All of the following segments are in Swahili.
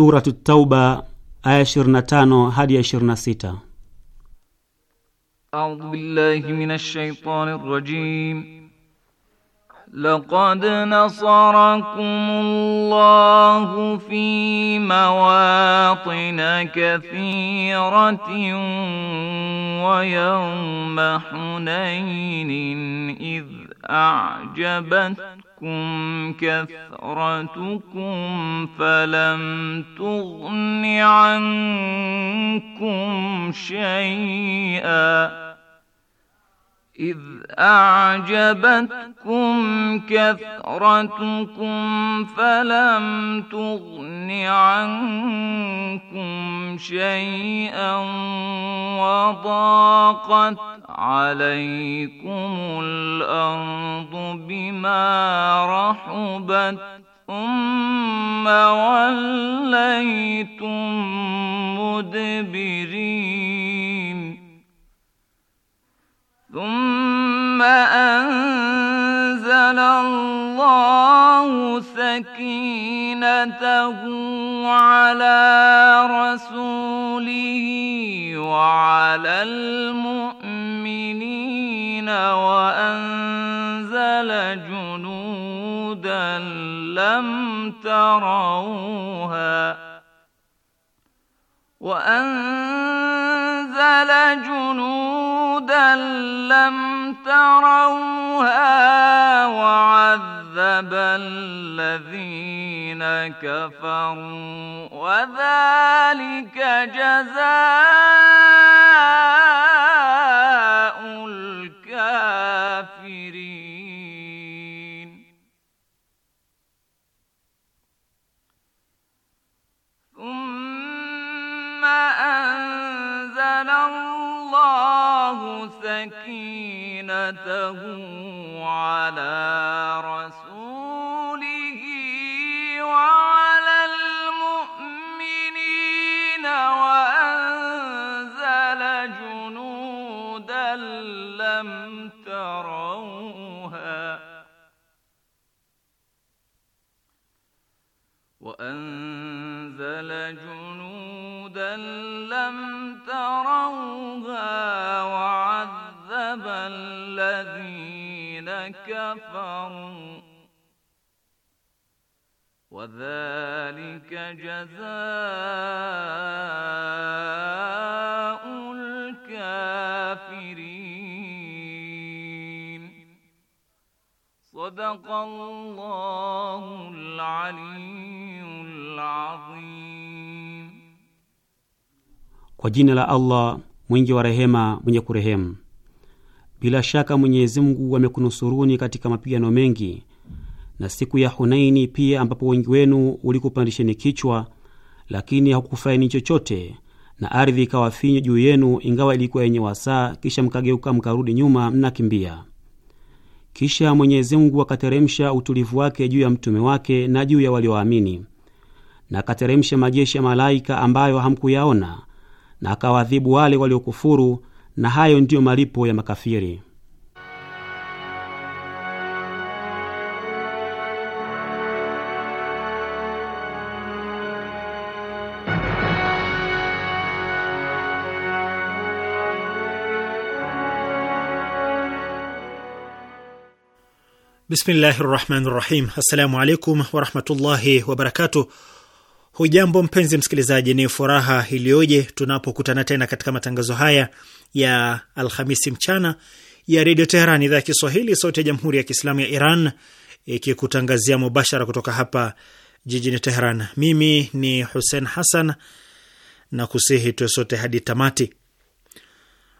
Suratu Tauba aya 25 hadi ya 26. A'udhu billahi minash shaitanir rajim. لقد نصركم الله في مواطن كثيرة ويوم حنين إذ أعجبتكم غرتكم كثرتكم فلم تغن عنكم شيئا إذ أعجبتكم كثرتكم فلم تغن عنكم شيئا وضاقت عليكم الأرض بما رحبت ثم وليتم مدبرين ثم أنزل الله سكينته على رسوله وعلى المؤمنين وأنزل جنودا لم تروها وأنزل جنودا لم تروها وعذب الذين كفروا وذلك جزاء أنزل الله سكينته على رسوله kafaru wa dhalika jazaa'ul kafirin. Sadaqallahul aliyyul azim. Kwa jina la Allah mwingi wa rehema mwenye kurehemu. Bila shaka Mwenyezi Mungu amekunusuruni katika mapigano mengi, na siku ya Hunaini pia, ambapo wengi wenu ulikupandisheni kichwa, lakini hakukufaini chochote, na ardhi ikawa finyu juu yenu, ingawa ilikuwa yenye wasaa, kisha mkageuka mkarudi nyuma mnakimbia. Kisha Mwenyezi Mungu akateremsha utulivu wake juu ya mtume wake na juu ya walioamini, na akateremsha majeshi ya malaika ambayo hamkuyaona, na akawaadhibu wale waliokufuru na hayo ndiyo malipo ya makafiri. Bismillahi rahmani rahim. Assalamu alaikum warahmatullahi wabarakatuh. Hujambo mpenzi msikilizaji, ni furaha iliyoje tunapokutana tena katika matangazo haya ya Alhamisi mchana ya Redio Teheran, idhaa ya Kiswahili, sauti ya Jamhuri ya Kiislamu ya Iran, ikikutangazia mubashara kutoka hapa jijini Teheran. Mimi ni Hussein Hassan na kusihi tuwe sote hadi tamati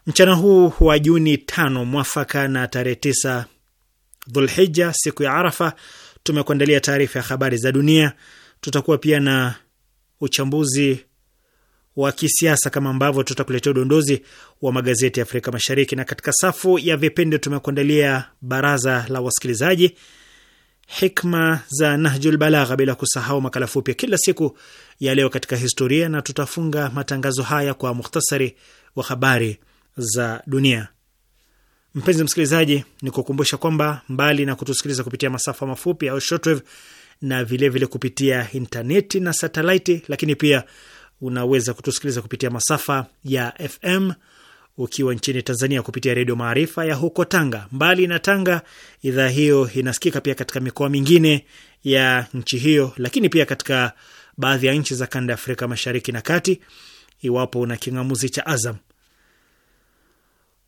mchana huu wa Juni tano mwafaka na tarehe tisa Dhulhija, siku ya Arafa. Tumekuandalia taarifa ya habari za dunia, tutakuwa pia na uchambuzi wa kisiasa kama ambavyo tutakuletea udondozi wa magazeti ya Afrika Mashariki, na katika safu ya vipindi tumekuandalia baraza la wasikilizaji, hikma za Nahjul Balagha, bila kusahau makala fupi kila siku ya leo katika historia, na tutafunga matangazo haya kwa muhtasari wa habari za dunia. Mpenzi msikilizaji, ni kukumbusha kwamba mbali na kutusikiliza kupitia masafa mafupi au shortwave na vilevile vile kupitia intaneti na satelaiti, lakini pia unaweza kutusikiliza kupitia masafa ya FM ukiwa nchini Tanzania kupitia Redio Maarifa ya huko Tanga. Mbali na Tanga, idhaa hiyo inasikika pia katika mikoa mingine ya nchi hiyo, lakini pia katika baadhi ya nchi za kanda ya Afrika Mashariki na Kati, iwapo una king'amuzi cha Azam.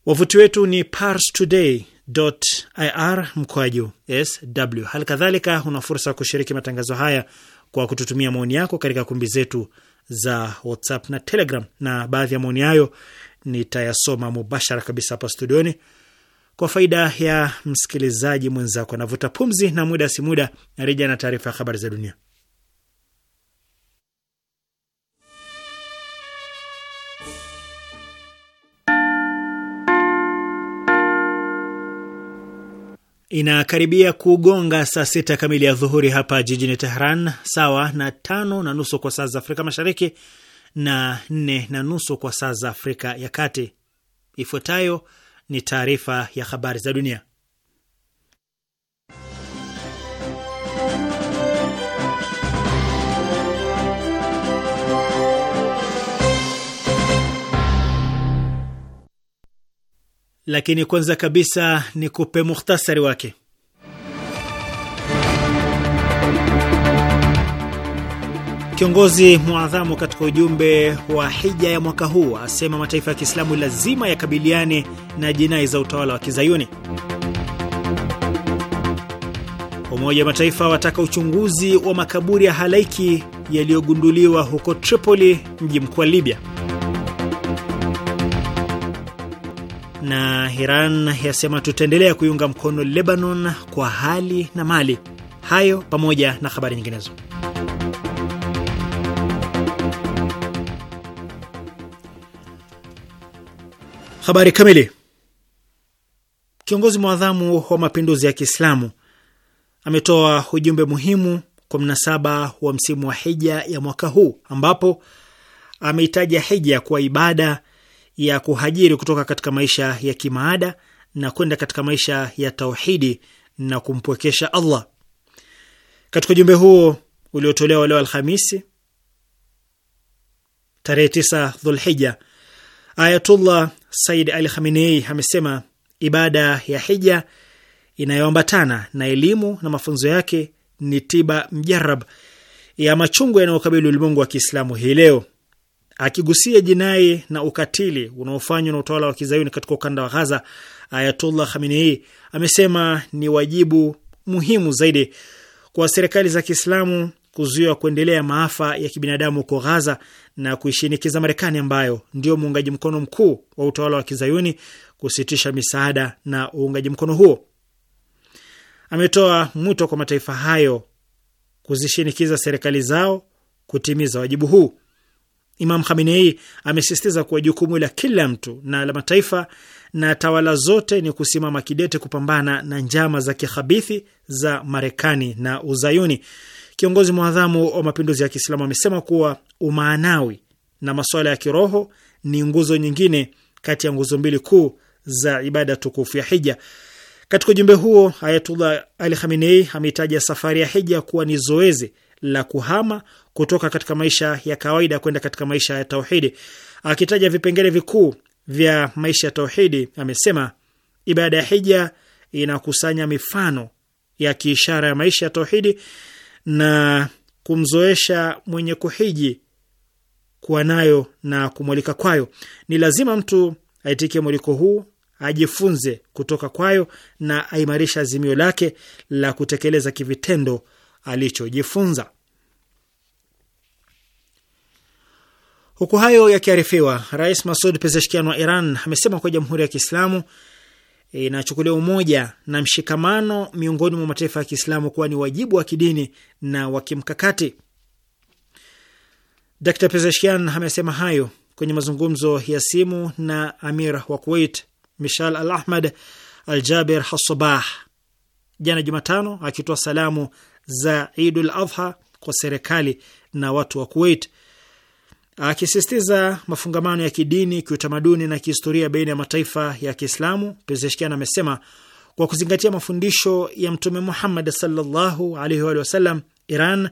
Wavuti wetu ni Pars Today ir mkoaju sw. Hali kadhalika una fursa ya kushiriki matangazo haya kwa kututumia maoni yako katika kumbi zetu za WhatsApp na Telegram, na baadhi ya maoni hayo nitayasoma mubashara kabisa hapa studioni kwa faida ya msikilizaji mwenzako. Anavuta pumzi, na muda si muda narejea na taarifa ya habari za dunia. inakaribia kugonga saa sita kamili ya dhuhuri hapa jijini Tehran, sawa na tano na nusu kwa saa za Afrika Mashariki na nne na nusu kwa saa za Afrika ya Kati. Ifuatayo ni taarifa ya habari za dunia lakini kwanza kabisa ni kupe muhtasari wake. Kiongozi mwadhamu katika ujumbe wa hija ya mwaka huu asema mataifa ya Kiislamu lazima yakabiliane na jinai za utawala wa Kizayuni. Umoja wa Mataifa wataka uchunguzi wa makaburi ya halaiki yaliyogunduliwa huko Tripoli, mji mkuu wa Libya. na Iran yasema tutaendelea kuiunga mkono Lebanon kwa hali na mali. Hayo pamoja na habari nyinginezo. Habari kamili. Kiongozi mwadhamu wa mapinduzi ya Kiislamu ametoa ujumbe muhimu kwa mnasaba wa msimu wa hija ya mwaka huu ambapo ameitaja hija kuwa ibada ya kuhajiri kutoka katika maisha ya kimaada na kwenda katika maisha ya tauhidi na kumpwekesha Allah. Katika ujumbe huo uliotolewa leo Alhamisi tarehe 9 Dhulhija, Ayatullah Said Ali Khamenei amesema ibada ya hija inayoambatana na elimu na mafunzo yake ni tiba mjarab ya machungu yanayokabili ulimwengu wa Kiislamu hii leo. Akigusia jinai na ukatili unaofanywa na utawala wa kizayuni katika ukanda wa Ghaza, Ayatullah Khamenei amesema ni wajibu muhimu zaidi kwa serikali za Kiislamu kuzuia kuendelea maafa ya kibinadamu huko Ghaza na kuishinikiza Marekani ambayo ndio muungaji mkono mkuu wa utawala wa kizayuni kusitisha misaada na uungaji mkono huo. Ametoa mwito kwa mataifa hayo kuzishinikiza serikali zao kutimiza wajibu huu. Imam Khamenei amesisitiza kuwa jukumu la kila mtu na la mataifa na tawala zote ni kusimama kidete kupambana na njama za kihabithi za Marekani na Uzayuni. Kiongozi mwadhamu wa mapinduzi ya Kiislamu amesema kuwa umaanawi na masuala ya kiroho ni nguzo nyingine kati ya nguzo mbili kuu za ibada tukufu ya hija. Katika ujumbe huo, Ayatullah Ali Khamenei ameitaja safari ya hija kuwa ni zoezi la kuhama kutoka katika maisha ya kawaida kwenda katika maisha ya tauhidi. Akitaja vipengele vikuu vya maisha ya tauhidi, amesema ibada ya hija inakusanya mifano ya kiishara ya maisha ya tauhidi na kumzoesha mwenye kuhiji kuwa nayo na kumwalika kwayo. Ni lazima mtu aitikie mwaliko huu, ajifunze kutoka kwayo na aimarisha azimio lake la kutekeleza kivitendo alichojifunza. Huku hayo yakiarifiwa, Rais Masud Pezeshkian wa Iran amesema kuwa Jamhuri ya Kiislamu inachukulia umoja na mshikamano miongoni mwa mataifa ya Kiislamu kuwa ni wajibu wa kidini na wa kimkakati. Dr Pezeshkian amesema hayo kwenye mazungumzo ya simu na Amir wa Kuwait Mishal Al Ahmad Al Jaber Hasobah jana Jumatano, akitoa salamu za Idul Adha kwa serikali na watu wa Kuwait, akisisitiza mafungamano ya kidini, kiutamaduni na kihistoria baina ya mataifa ya Kiislamu. Pezeshkian amesema kwa kuzingatia mafundisho ya Mtume Muhammad sallallahu alaihi wa sallam, Iran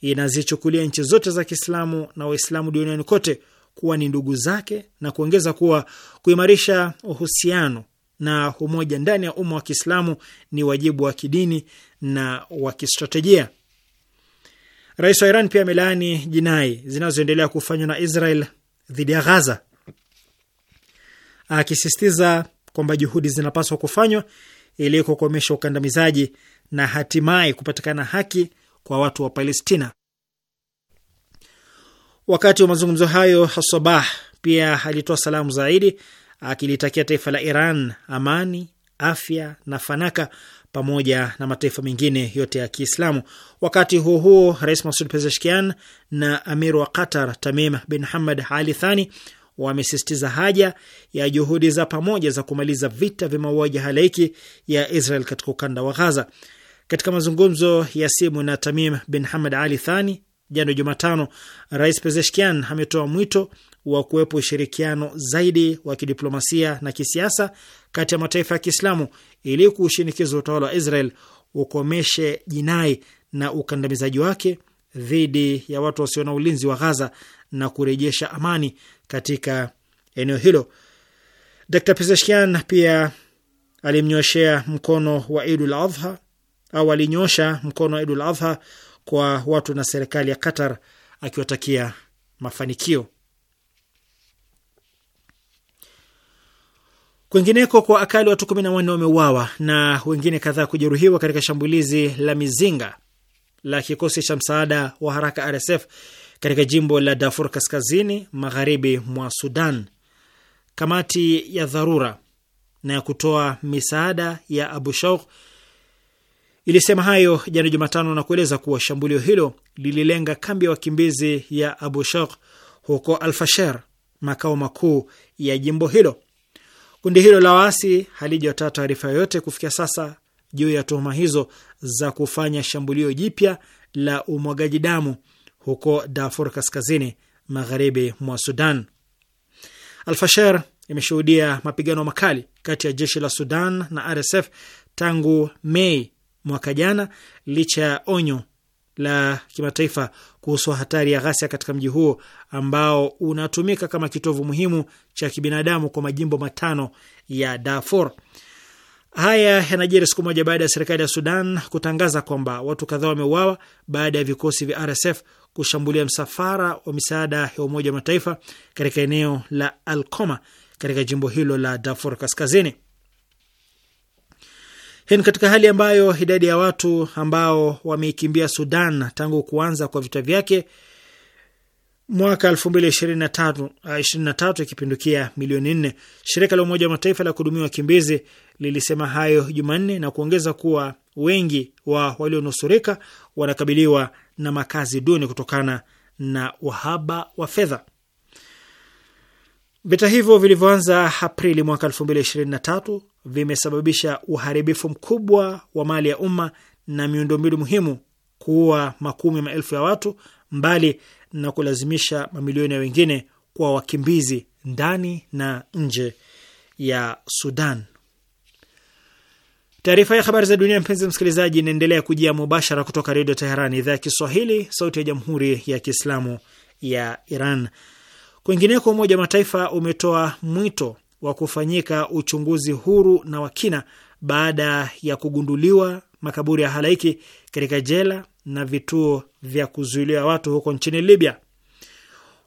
inazichukulia nchi zote za Kiislamu na Waislamu duniani kote kuwa ni ndugu zake na kuongeza kuwa kuimarisha uhusiano na umoja ndani ya umma wa Kiislamu ni wajibu wa kidini na wa kistratejia. Rais wa Iran pia amelaani jinai zinazoendelea kufanywa na Israel dhidi ya Ghaza, akisisitiza kwamba juhudi zinapaswa kufanywa ili kukomesha ukandamizaji na hatimaye kupatikana haki kwa watu wa Palestina. Wakati wa mazungumzo hayo Hasabah pia alitoa salamu zaidi akilitakia taifa la Iran amani, afya na fanaka pamoja na mataifa mengine yote ya Kiislamu. Wakati huo huo, Rais Masud Pezeshkian na Amir wa Qatar Tamim bin Hamad Ali Thani wamesisitiza haja ya juhudi za pamoja za kumaliza vita vya mauaji halaiki ya Israel katika ukanda wa Ghaza. Katika mazungumzo ya simu na Tamim bin Hamad Ali Thani jana Jumatano, Rais Pezeshkian ametoa mwito wa kuwepo ushirikiano zaidi wa kidiplomasia na kisiasa kati ya mataifa ya Kiislamu ili kuushinikiza utawala wa Israel ukomeshe jinai na ukandamizaji wake dhidi ya watu wasio na ulinzi wa Ghaza na kurejesha amani katika eneo hilo. Dr Pezeshkian pia alimnyoshea mkono wa Idul Adha au alinyosha mkono wa Idul Adha kwa watu na serikali ya Qatar akiwatakia mafanikio. Kwingineko kwa akali watu wanne wameuawa na wengine kadhaa kujeruhiwa katika shambulizi la mizinga la kikosi cha msaada wa haraka RSF katika jimbo la Darfur kaskazini magharibi mwa Sudan. Kamati ya dharura na ya kutoa misaada ya Abu Shauq ilisema hayo jana Jumatano na kueleza kuwa shambulio hilo lililenga kambi ya wakimbizi ya Abu Shauq huko Alfasher, makao makuu ya jimbo hilo. Kundi hilo la waasi halijatoa taarifa yoyote kufikia sasa juu ya tuhuma hizo za kufanya shambulio jipya la umwagaji damu huko Darfur kaskazini magharibi mwa Sudan. Alfasher imeshuhudia mapigano makali kati ya jeshi la Sudan na RSF tangu Mei mwaka jana licha ya onyo la kimataifa kuhusu hatari ya ghasia katika mji huo ambao unatumika kama kitovu muhimu cha kibinadamu kwa majimbo matano ya Darfur. Haya yanajiri siku moja baada ya serikali ya Sudan kutangaza kwamba watu kadhaa wameuawa baada ya vikosi vya RSF kushambulia msafara wa misaada ya Umoja wa Mataifa katika eneo la Alkoma katika jimbo hilo la Darfur Kaskazini. Hii ni katika hali ambayo idadi ya watu ambao wameikimbia Sudan tangu kuanza kwa vita vyake mwaka 2023 eh, ikipindukia milioni nne. Shirika la Umoja wa Mataifa la kuhudumia wakimbizi lilisema hayo Jumanne na kuongeza kuwa wengi wa walionusurika wanakabiliwa na makazi duni kutokana na uhaba wa fedha. Vita hivyo vilivyoanza Aprili mwaka 2023 vimesababisha uharibifu mkubwa wa mali ya umma na miundombinu muhimu, kuua makumi maelfu ya watu, mbali na kulazimisha mamilioni ya wengine kuwa wakimbizi ndani na nje ya Sudan. Taarifa ya habari za dunia, mpenzi msikilizaji, inaendelea kujia mubashara kutoka Redio Teheran, idhaa ya Kiswahili, sauti ya Jamhuri ya Kiislamu ya Iran. Kwingineko, Umoja wa Mataifa umetoa mwito wa kufanyika uchunguzi huru na wa kina baada ya kugunduliwa makaburi ya halaiki katika jela na vituo vya kuzuiliwa watu huko nchini Libya.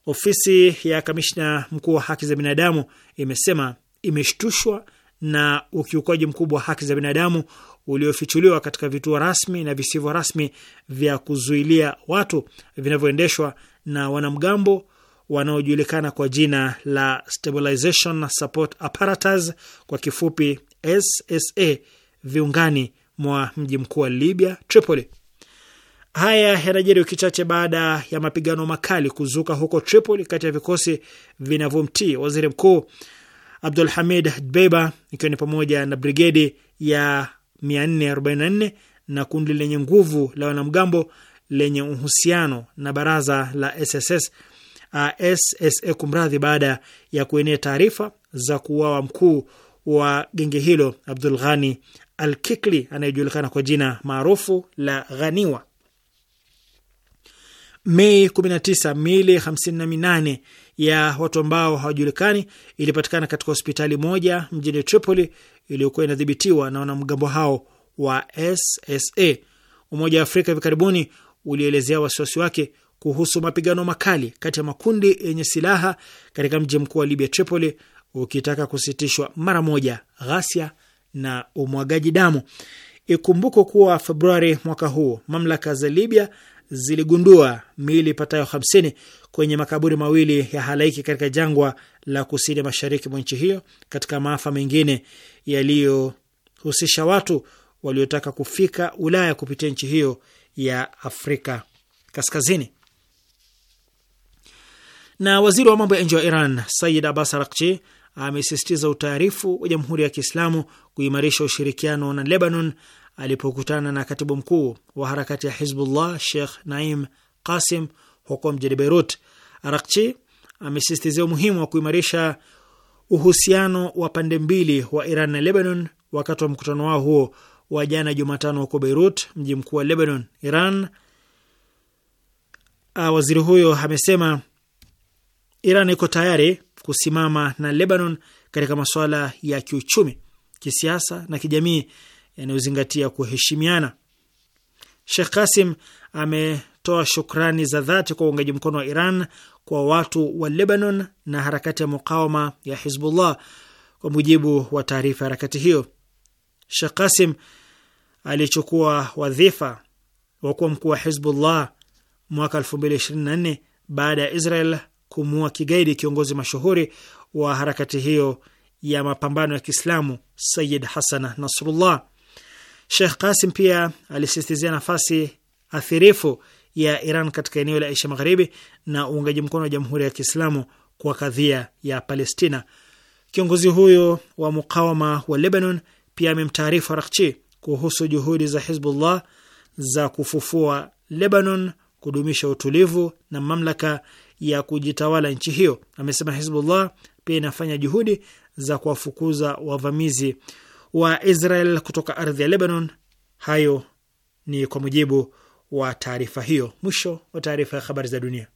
Ofisi ya kamishna mkuu wa haki za binadamu imesema imeshtushwa na ukiukaji mkubwa wa haki za binadamu uliofichuliwa katika vituo rasmi na visivyo rasmi vya kuzuilia watu vinavyoendeshwa na wanamgambo wanaojulikana kwa jina la Stabilization Support Apparatus, kwa kifupi SSA, viungani mwa mji mkuu wa Libya, Tripoli. Haya yanajiri wiki chache baada ya mapigano makali kuzuka huko Tripoli kati ya vikosi vinavyomtii waziri mkuu Abdul Hamid Dbeiba, ikiwa ni pamoja na brigedi ya 444 na kundi lenye nguvu la wanamgambo lenye uhusiano na baraza la SSS uh, SSA kumradhi, baada ya kuenea taarifa za kuuawa mkuu wa genge hilo Abdul Ghani Al-Kikli anayejulikana kwa jina maarufu la Ghaniwa. Mei 19 58 ya watu ambao hawajulikani ilipatikana katika hospitali moja mjini Tripoli iliyokuwa inadhibitiwa na wanamgambo hao wa SSA. Umoja wa Afrika hivi karibuni ulielezea wasiwasi wake kuhusu mapigano makali kati ya makundi yenye silaha katika mji mkuu wa Libya, Tripoli, ukitaka kusitishwa mara moja ghasia na umwagaji damu. Ikumbukwe kuwa Februari mwaka huu mamlaka za Libya ziligundua miili ipatayo 50 kwenye makaburi mawili ya halaiki katika jangwa la kusini mashariki mwa nchi hiyo, katika maafa mengine yaliyohusisha watu waliotaka kufika Ulaya kupitia nchi hiyo ya Afrika Kaskazini. Na waziri wa mambo ya nje wa Iran Sayid Abbas Arakchi amesisitiza utaarifu wa Jamhuri ya Kiislamu kuimarisha ushirikiano na Lebanon alipokutana na katibu mkuu wa harakati ya Hizbullah Sheikh Naim Qasim huko mjini Beirut. Arakchi amesisitiza umuhimu wa kuimarisha uhusiano wa pande mbili wa Iran na Lebanon wakati wa mkutano wao huo wa jana Jumatano huko Beirut, mji mkuu wa Lebanon, Iran. A, ah, waziri huyo amesema Iran iko tayari kusimama na Lebanon katika masuala ya kiuchumi, kisiasa na kijamii yanayozingatia kuheshimiana. Sheikh Kasim ametoa shukrani za dhati kwa uungaji mkono wa Iran kwa watu wa Lebanon na harakati ya mukawama ya Hizbullah. Kwa mujibu wa taarifa ya harakati hiyo, Sheikh Kasim alichukua wadhifa wa kuwa mkuu wa Hizbullah mwaka 2024 baada ya Israel kumuua kigaidi kiongozi mashuhuri wa harakati hiyo ya mapambano ya Kiislamu Sayid Hasan Nasrullah. Sheikh Kasim pia alisisitizia nafasi athirifu ya Iran katika eneo la Asia Magharibi na uungaji mkono wa Jamhuri ya Kiislamu kwa kadhia ya Palestina. Kiongozi huyo wa mukawama wa Lebanon pia amemtaarifu Arakchi kuhusu juhudi za Hizbullah za kufufua Lebanon, kudumisha utulivu na mamlaka ya kujitawala nchi hiyo. Amesema Hizbullah pia inafanya juhudi za kuwafukuza wavamizi wa Israel kutoka ardhi ya Lebanon. Hayo ni kwa mujibu wa taarifa hiyo. Mwisho wa taarifa ya habari za dunia.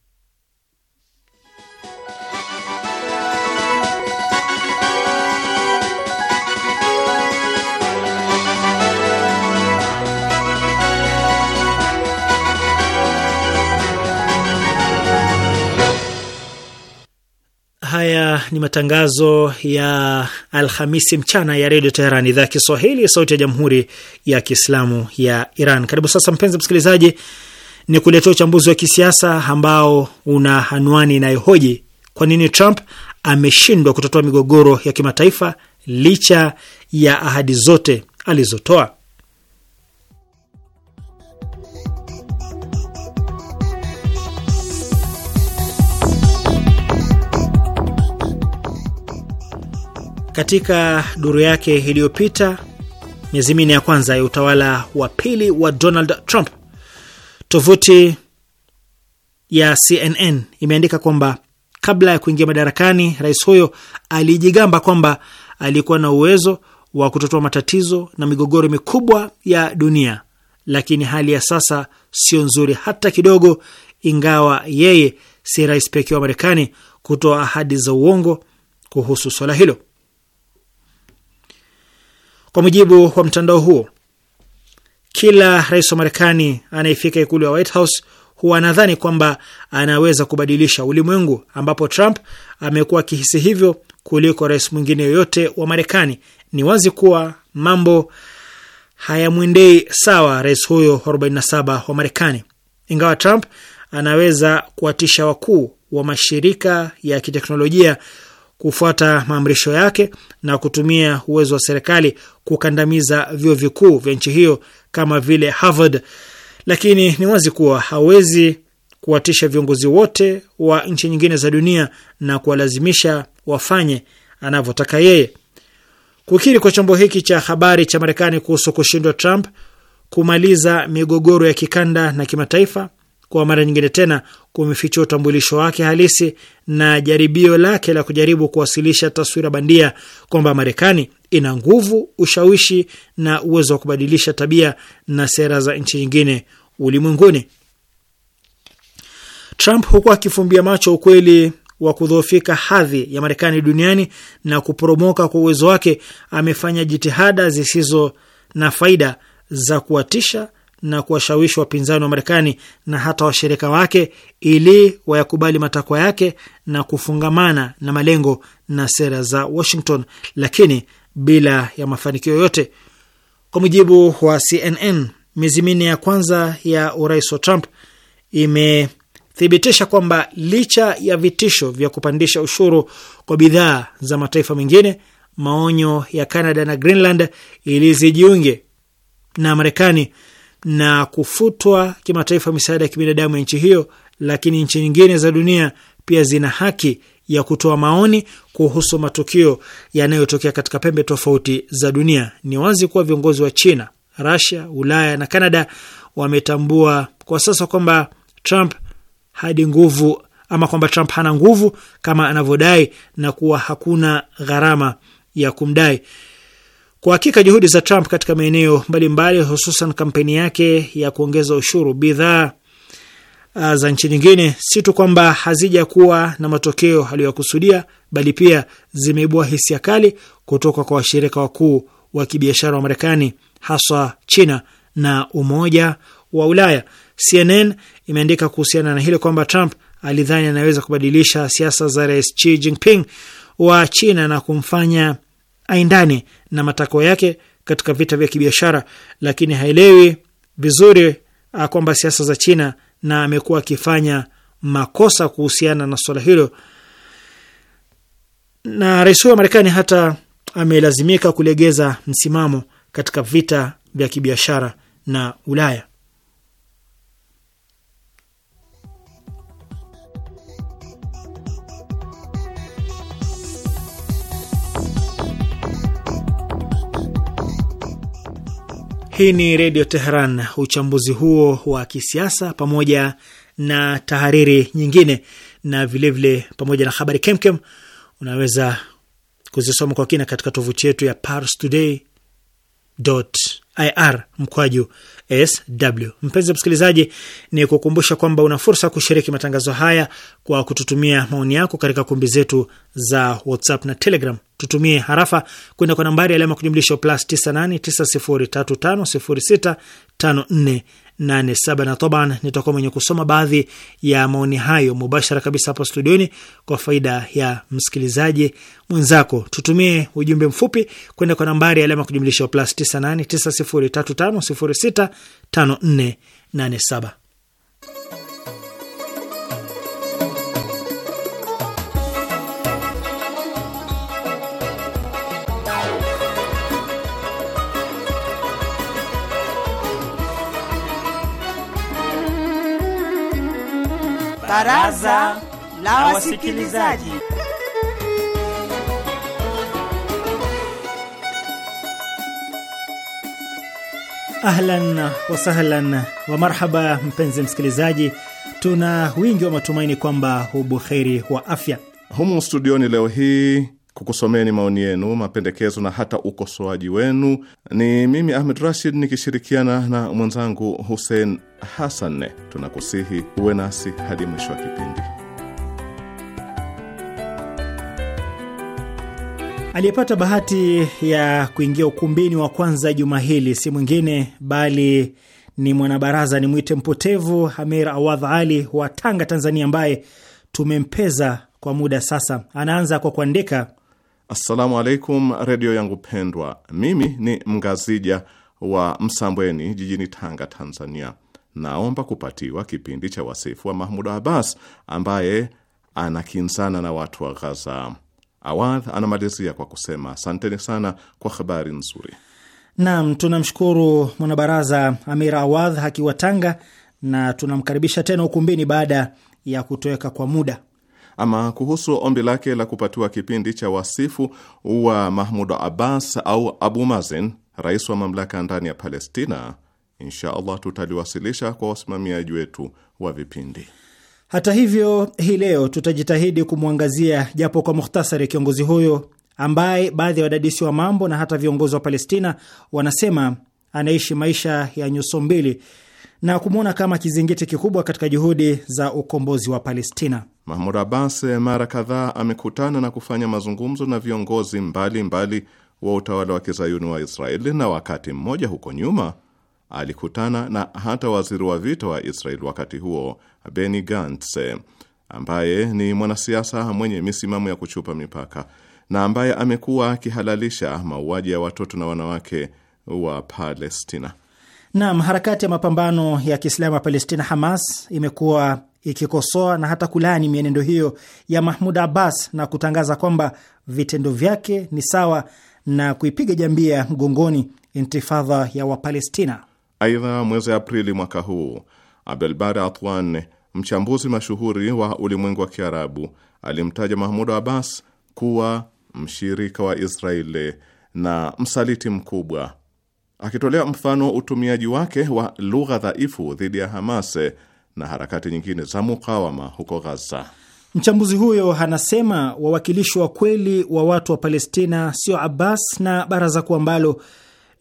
haya ni matangazo ya Alhamisi mchana ya redio Teheran, idhaa ya Kiswahili, sauti ya jamhuri ya kiislamu ya Iran. Karibu sasa, mpenzi msikilizaji, ni kuletea uchambuzi wa kisiasa ambao una anwani inayohoji kwa nini Trump ameshindwa kutatua migogoro ya kimataifa licha ya ahadi zote alizotoa. Katika duru yake iliyopita, miezi minne ya kwanza ya utawala wa pili wa Donald Trump, tovuti ya CNN imeandika kwamba kabla ya kuingia madarakani, rais huyo alijigamba kwamba alikuwa na uwezo wa kutotoa matatizo na migogoro mikubwa ya dunia, lakini hali ya sasa sio nzuri hata kidogo, ingawa yeye si rais pekee wa Marekani kutoa ahadi za uongo kuhusu swala hilo. Kwa mujibu wa mtandao huo, kila rais wa Marekani anayefika ikulu ya White House huwa anadhani kwamba anaweza kubadilisha ulimwengu, ambapo Trump amekuwa akihisi hivyo kuliko rais mwingine yoyote wa Marekani. Ni wazi kuwa mambo hayamwendei sawa rais huyo 47 wa Marekani. Ingawa Trump anaweza kuwatisha wakuu wa mashirika ya kiteknolojia kufuata maamrisho yake na kutumia uwezo wa serikali kukandamiza vyuo vikuu vya nchi hiyo kama vile Harvard, lakini ni wazi kuwa hawezi kuwatisha viongozi wote wa nchi nyingine za dunia na kuwalazimisha wafanye anavyotaka yeye. Kukiri kwa chombo hiki cha habari cha Marekani kuhusu kushindwa Trump kumaliza migogoro ya kikanda na kimataifa kwa mara nyingine tena kumefichua utambulisho wake halisi na jaribio lake la kujaribu kuwasilisha taswira bandia kwamba Marekani ina nguvu, ushawishi na uwezo wa kubadilisha tabia na sera za nchi nyingine ulimwenguni. Trump huku akifumbia macho ukweli wa kudhoofika hadhi ya Marekani duniani na kuporomoka kwa uwezo wake, amefanya jitihada zisizo na faida za kuwatisha na kuwashawishi wapinzani wa Marekani na hata washirika wake ili wayakubali matakwa yake na kufungamana na malengo na sera za Washington, lakini bila ya mafanikio yote Kwa mujibu wa CNN, miezi minne ya kwanza ya urais wa Trump imethibitisha kwamba licha ya vitisho vya kupandisha ushuru kwa bidhaa za mataifa mengine, maonyo ya Canada na Greenland ili zijiunge na Marekani na kufutwa kimataifa misaada ya kibinadamu ya nchi hiyo, lakini nchi nyingine za dunia pia zina haki ya kutoa maoni kuhusu matukio yanayotokea katika pembe tofauti za dunia. Ni wazi kuwa viongozi wa China, Russia, Ulaya na Canada wametambua kwa sasa kwamba Trump hadi nguvu ama kwamba Trump hana nguvu kama anavyodai na kuwa hakuna gharama ya kumdai. Kwa hakika juhudi za Trump katika maeneo mbalimbali, hususan kampeni yake ya kuongeza ushuru bidhaa ah, za nchi nyingine, si tu kwamba hazija kuwa na matokeo aliyoyakusudia, bali pia zimeibua hisia kali kutoka kwa washirika wakuu wa kibiashara wa Marekani, haswa China na Umoja wa Ulaya. CNN imeandika kuhusiana na hilo kwamba Trump alidhani anaweza kubadilisha siasa za Rais Xi Jinping wa China na kumfanya aendane na matakwa yake katika vita vya kibiashara, lakini haelewi vizuri ah, kwamba siasa za China na amekuwa akifanya makosa kuhusiana na swala hilo. Na rais huyo wa Marekani hata amelazimika kulegeza msimamo katika vita vya kibiashara na Ulaya. Hii ni Redio Teheran. Uchambuzi huo wa kisiasa pamoja na tahariri nyingine na vilevile vile pamoja na habari kemkem unaweza kuzisoma kwa kina katika tovuti yetu ya parstoday ir mkwaju sw. Mpenzi msikilizaji, ni kukumbusha kwamba una fursa ya kushiriki matangazo haya kwa kututumia maoni yako katika kumbi zetu za WhatsApp na Telegram. Tutumie harafa kwenda kwa nambari alama kujumlisha plus 9890350654 8saba na toban nitakuwa mwenye kusoma baadhi ya maoni hayo mubashara kabisa hapa studioni kwa faida ya msikilizaji mwenzako. Tutumie ujumbe mfupi kwenda kwa nambari ya alama kujumlisha plus 989035065487. Baraza la Wasikilizaji. Ahlan wasahlan wa marhaba, mpenzi msikilizaji, tuna wingi wa matumaini kwamba hubuheri wa afya humu studioni leo hii kukusomeni maoni yenu, mapendekezo na hata ukosoaji wenu. Ni mimi Ahmed Rashid nikishirikiana na mwenzangu Hussein Hassan. Tunakusihi uwe nasi hadi mwisho wa kipindi. Aliyepata bahati ya kuingia ukumbini wa kwanza juma hili si mwingine bali ni mwanabaraza ni mwite mpotevu Amir Awadh Ali wa Tanga, Tanzania, ambaye tumempeza kwa muda sasa. Anaanza kwa kuandika Assalamu alaikum, redio yangu pendwa. Mimi ni mgazija wa Msambweni jijini Tanga, Tanzania. Naomba kupatiwa kipindi cha wasifu wa Mahmud Abbas ambaye anakinzana na watu wa Ghaza. Awadh anamalizia kwa kusema asanteni sana kwa habari nzuri. Naam, tunamshukuru mwanabaraza Amir Awadh akiwa Tanga, na tunamkaribisha tena ukumbini baada ya kutoweka kwa muda. Ama kuhusu ombi lake la kupatiwa kipindi cha wasifu wa Mahmud Abbas au Abu Mazin, rais wa mamlaka ndani ya Palestina, insha Allah tutaliwasilisha kwa wasimamiaji wetu wa vipindi. Hata hivyo, hii leo tutajitahidi kumwangazia japo kwa mukhtasari kiongozi huyo ambaye baadhi ya wadadisi wa mambo na hata viongozi wa Palestina wanasema anaishi maisha ya nyuso mbili na kumwona kama kizingiti kikubwa katika juhudi za ukombozi wa Palestina. Mahmud Abbas eh, mara kadhaa amekutana na kufanya mazungumzo na viongozi mbalimbali mbali wa utawala wa kizayuni wa Israeli, na wakati mmoja huko nyuma alikutana na hata waziri wa vita wa Israeli wakati huo Benny Gantz, eh, ambaye ni mwanasiasa mwenye misimamo ya kuchupa mipaka na ambaye amekuwa akihalalisha mauaji ya watoto na wanawake wa Palestina. Naam, harakati ya mapambano ya Kiislamu ya Palestina Hamas imekuwa ikikosoa na hata kulaani mienendo hiyo ya Mahmud Abbas na kutangaza kwamba vitendo vyake ni sawa na kuipiga jambia mgongoni intifadha ya Wapalestina. Aidha, mwezi Aprili mwaka huu Abdelbari Atwan, mchambuzi mashuhuri wa ulimwengu wa Kiarabu, alimtaja Mahmud Abbas kuwa mshirika wa Israeli na msaliti mkubwa, akitolea mfano utumiaji wake wa lugha dhaifu dhidi ya Hamas na harakati nyingine za mukawama huko Gaza. Mchambuzi huyo anasema wawakilishi wa kweli wa watu wa Palestina sio Abbas na baraza kuu ambalo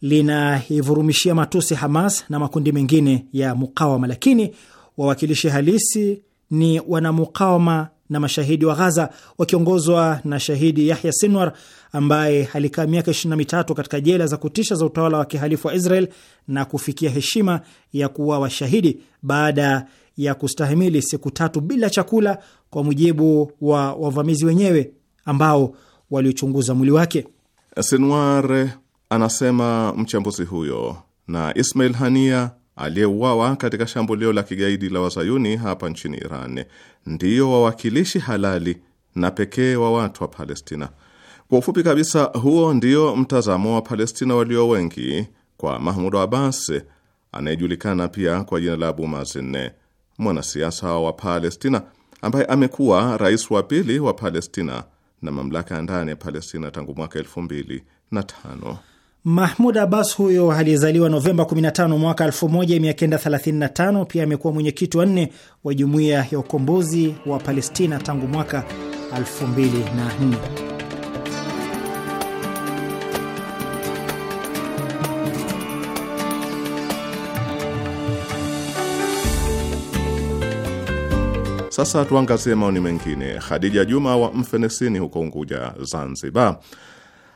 linaivurumishia matusi Hamas na makundi mengine ya mukawama, lakini wawakilishi halisi ni wanamukawama na mashahidi wa Ghaza wakiongozwa na shahidi Yahya Sinwar ambaye alikaa miaka 23 katika jela za kutisha za utawala wa kihalifu wa Israel na kufikia heshima ya kuwa washahidi baada ya kustahimili siku tatu bila chakula, kwa mujibu wa wavamizi wenyewe ambao waliochunguza mwili wake. Sinwar anasema mchambuzi huyo na Ismail Hania aliyeuawa katika shambulio la kigaidi la wazayuni hapa nchini Iran ndiyo wawakilishi halali na pekee wa watu wa Palestina. Kwa ufupi kabisa, huo ndio mtazamo wa Palestina walio wengi kwa Mahmud Abbas anayejulikana pia kwa jina la Abu Mazen mwanasiasa wa Palestina ambaye amekuwa rais wa pili wa Palestina na mamlaka ya ndani ya Palestina tangu mwaka elfu mbili na tano. Mahmud Abbas huyo aliyezaliwa Novemba 15 mwaka 1935 pia amekuwa mwenyekiti wa nne wa jumuiya ya ukombozi wa Palestina tangu mwaka 2004. Sasa tuangazie maoni mengine. Khadija Juma wa Mfenesini huko Unguja, Zanzibar,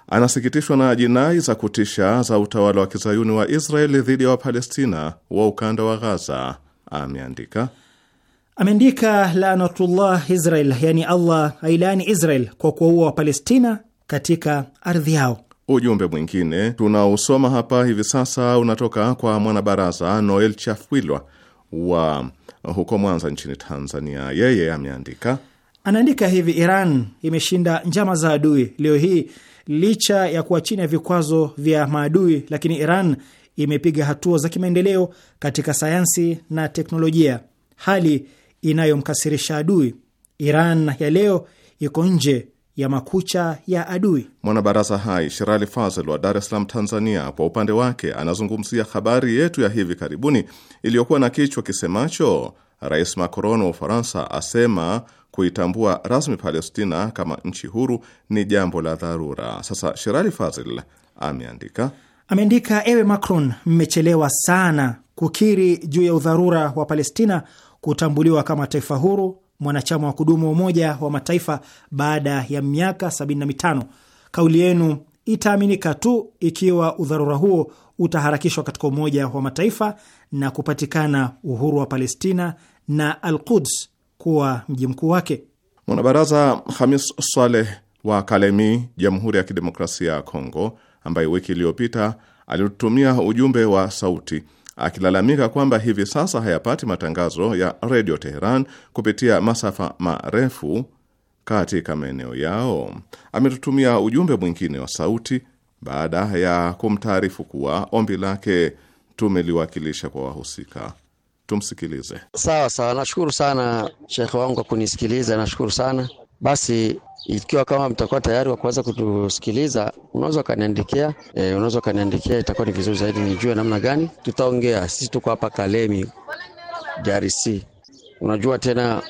anasikitishwa na jinai za kutisha za utawala wa kizayuni wa Israeli dhidi ya Wapalestina wa ukanda wa Ghaza. Ameandika ameandika laanatullah Israel, yani Allah ailani Israel kwa kuwaua Wapalestina katika ardhi yao. Ujumbe mwingine tunaosoma hapa hivi sasa unatoka kwa mwanabaraza Noel Chafwilwa wa huko Mwanza nchini Tanzania. Yeye ameandika, anaandika hivi: Iran imeshinda njama za adui leo hii. Licha ya kuwa chini ya vikwazo vya maadui, lakini Iran imepiga hatua za kimaendeleo katika sayansi na teknolojia, hali inayomkasirisha adui. Iran ya leo iko nje ya makucha ya adui. Mwanabaraza hai Shirali Fazl wa Dar es Salaam, Tanzania, kwa upande wake anazungumzia habari yetu ya hivi karibuni iliyokuwa na kichwa kisemacho Rais Macron wa Ufaransa asema kuitambua rasmi Palestina kama nchi huru ni jambo la dharura. Sasa Shirali Fazl ameandika ameandika, ewe Macron, mmechelewa sana kukiri juu ya udharura wa Palestina kutambuliwa kama taifa huru mwanachama wa kudumu wa Umoja wa Mataifa baada ya miaka 75. Kauli yenu itaaminika tu ikiwa udharura huo utaharakishwa katika Umoja wa Mataifa na kupatikana uhuru wa Palestina na Al Quds kuwa mji mkuu wake. Mwanabaraza Hamis Saleh wa Kalemi, Jamhuri ya Kidemokrasia ya Kongo, ambaye wiki iliyopita alitumia ujumbe wa sauti akilalamika kwamba hivi sasa hayapati matangazo ya redio Teheran kupitia masafa marefu katika maeneo yao. Ametutumia ujumbe mwingine wa sauti baada ya kumtaarifu kuwa ombi lake tumeliwakilisha kwa wahusika. Tumsikilize. Sawa sawa, nashukuru sana shekhe wangu kwa kunisikiliza, nashukuru sana basi ikiwa kama mtakuwa tayari wa kuanza kutusikiliza, unaweza ukaniandikia e, unaweza ukaniandikia, itakuwa ni vizuri zaidi, nijue namna gani tutaongea. Sisi tuko hapa Kalemi DRC. Unajua tena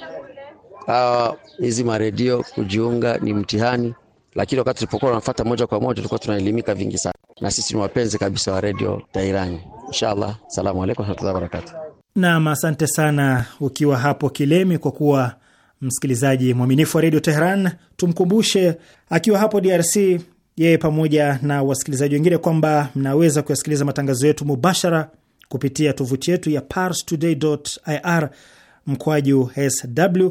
hizi uh, maredio kujiunga ni mtihani, lakini wakati tulipokuwa tunafuata moja kwa moja tulikuwa tunaelimika vingi sana, na sisi ni wapenzi kabisa wa redio Tairani. Inshallah, salamu alaykum warahmatullahi wabarakatuh. Naam, asante sana ukiwa hapo Kilemi kwa kuwa msikilizaji mwaminifu wa redio Teheran. Tumkumbushe akiwa hapo DRC, yeye pamoja na wasikilizaji wengine kwamba mnaweza kuyasikiliza matangazo yetu mubashara kupitia tovuti yetu ya parstoday.ir mkwaju sw,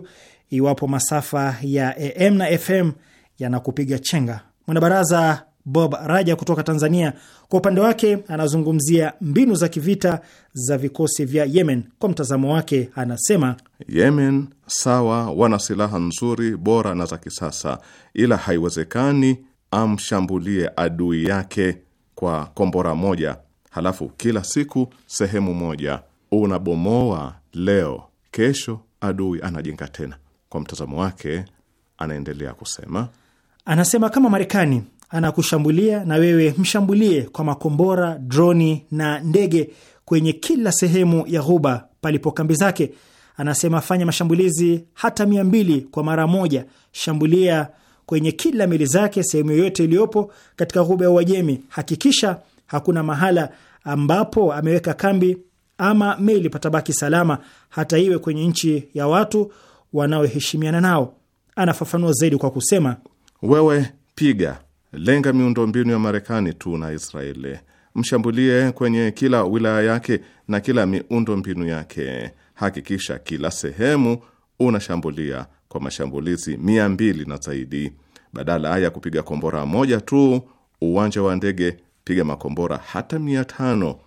iwapo masafa ya AM na FM yanakupiga chenga. Mwanabaraza Bob Raja kutoka Tanzania, kwa upande wake anazungumzia mbinu za kivita za vikosi vya Yemen. Kwa mtazamo wake, anasema Yemen sawa, wana silaha nzuri, bora na za kisasa, ila haiwezekani amshambulie adui yake kwa kombora moja, halafu kila siku sehemu moja unabomoa. Leo kesho adui anajenga tena. Kwa mtazamo wake, anaendelea kusema, anasema kama Marekani anakushambulia na wewe mshambulie kwa makombora, droni na ndege kwenye kila sehemu ya ghuba palipo kambi zake. Anasema fanya mashambulizi hata mia mbili kwa mara moja, shambulia kwenye kila meli zake, sehemu yoyote iliyopo katika ghuba ya Uajemi. Hakikisha hakuna mahala ambapo ameweka kambi ama meli patabaki salama, hata iwe kwenye nchi ya watu wanaoheshimiana nao. Anafafanua zaidi kwa kusema, wewe piga lenga miundombinu ya Marekani tu na Israeli, mshambulie kwenye kila wilaya yake na kila miundo mbinu yake. Hakikisha kila sehemu unashambulia kwa mashambulizi mia mbili na zaidi, badala ya kupiga kombora moja tu. Uwanja wa ndege piga makombora hata mia tano.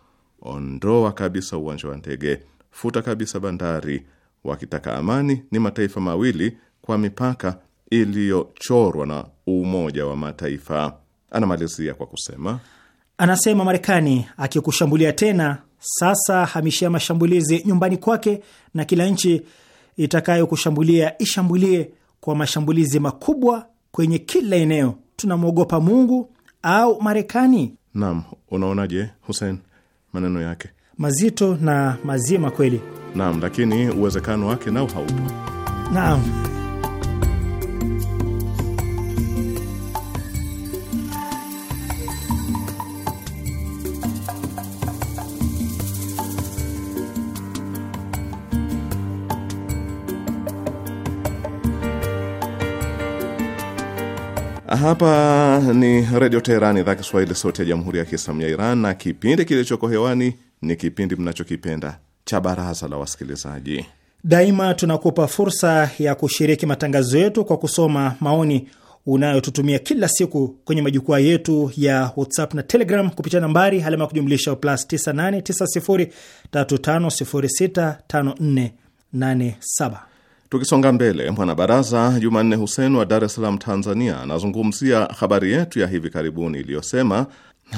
Ondoa kabisa uwanja wa ndege, futa kabisa bandari. Wakitaka amani, ni mataifa mawili kwa mipaka iliyochorwa na Umoja wa Mataifa. Anamalizia kwa kusema, anasema Marekani akikushambulia tena sasa, hamishia mashambulizi nyumbani kwake, na kila nchi itakayokushambulia ishambulie kwa mashambulizi makubwa kwenye kila eneo. Tunamwogopa Mungu au Marekani? Naam, unaonaje Hussein? Maneno yake mazito na mazima kweli. Naam, lakini uwezekano wake nao haupo. Naam. Hapa ni Redio Teherani, idhaa Kiswahili, sauti ya jamhuri ya kiislamu ya Iran, na kipindi kilichoko hewani ni kipindi mnachokipenda cha baraza la wasikilizaji. Daima tunakupa fursa ya kushiriki matangazo yetu kwa kusoma maoni unayotutumia kila siku kwenye majukwaa yetu ya WhatsApp na Telegram kupitia nambari alama ya kujumlisha plus 989035065487. Tukisonga mbele, mwanabaraza Jumanne Hussein wa Dar es Salaam, Tanzania, anazungumzia habari yetu ya hivi karibuni iliyosema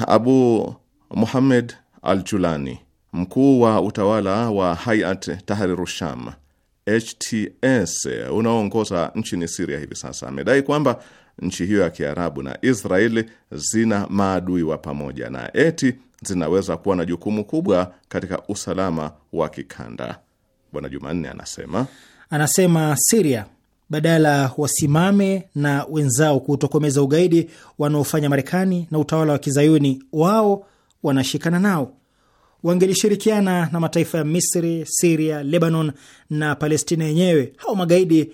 Abu Muhammed al Julani, mkuu wa utawala wa Hayat tahrirusham Sham HTS unaoongoza nchini Siria hivi sasa, amedai kwamba nchi hiyo ya Kiarabu na Israeli zina maadui wa pamoja na eti zinaweza kuwa na jukumu kubwa katika usalama wa kikanda. Bwana Jumanne anasema anasema Siria badala wasimame na wenzao kutokomeza ugaidi wanaofanya Marekani na utawala wa Kizayuni, wao wanashikana nao. Wangelishirikiana na mataifa ya Misri, Siria, Lebanon na Palestina yenyewe, hao magaidi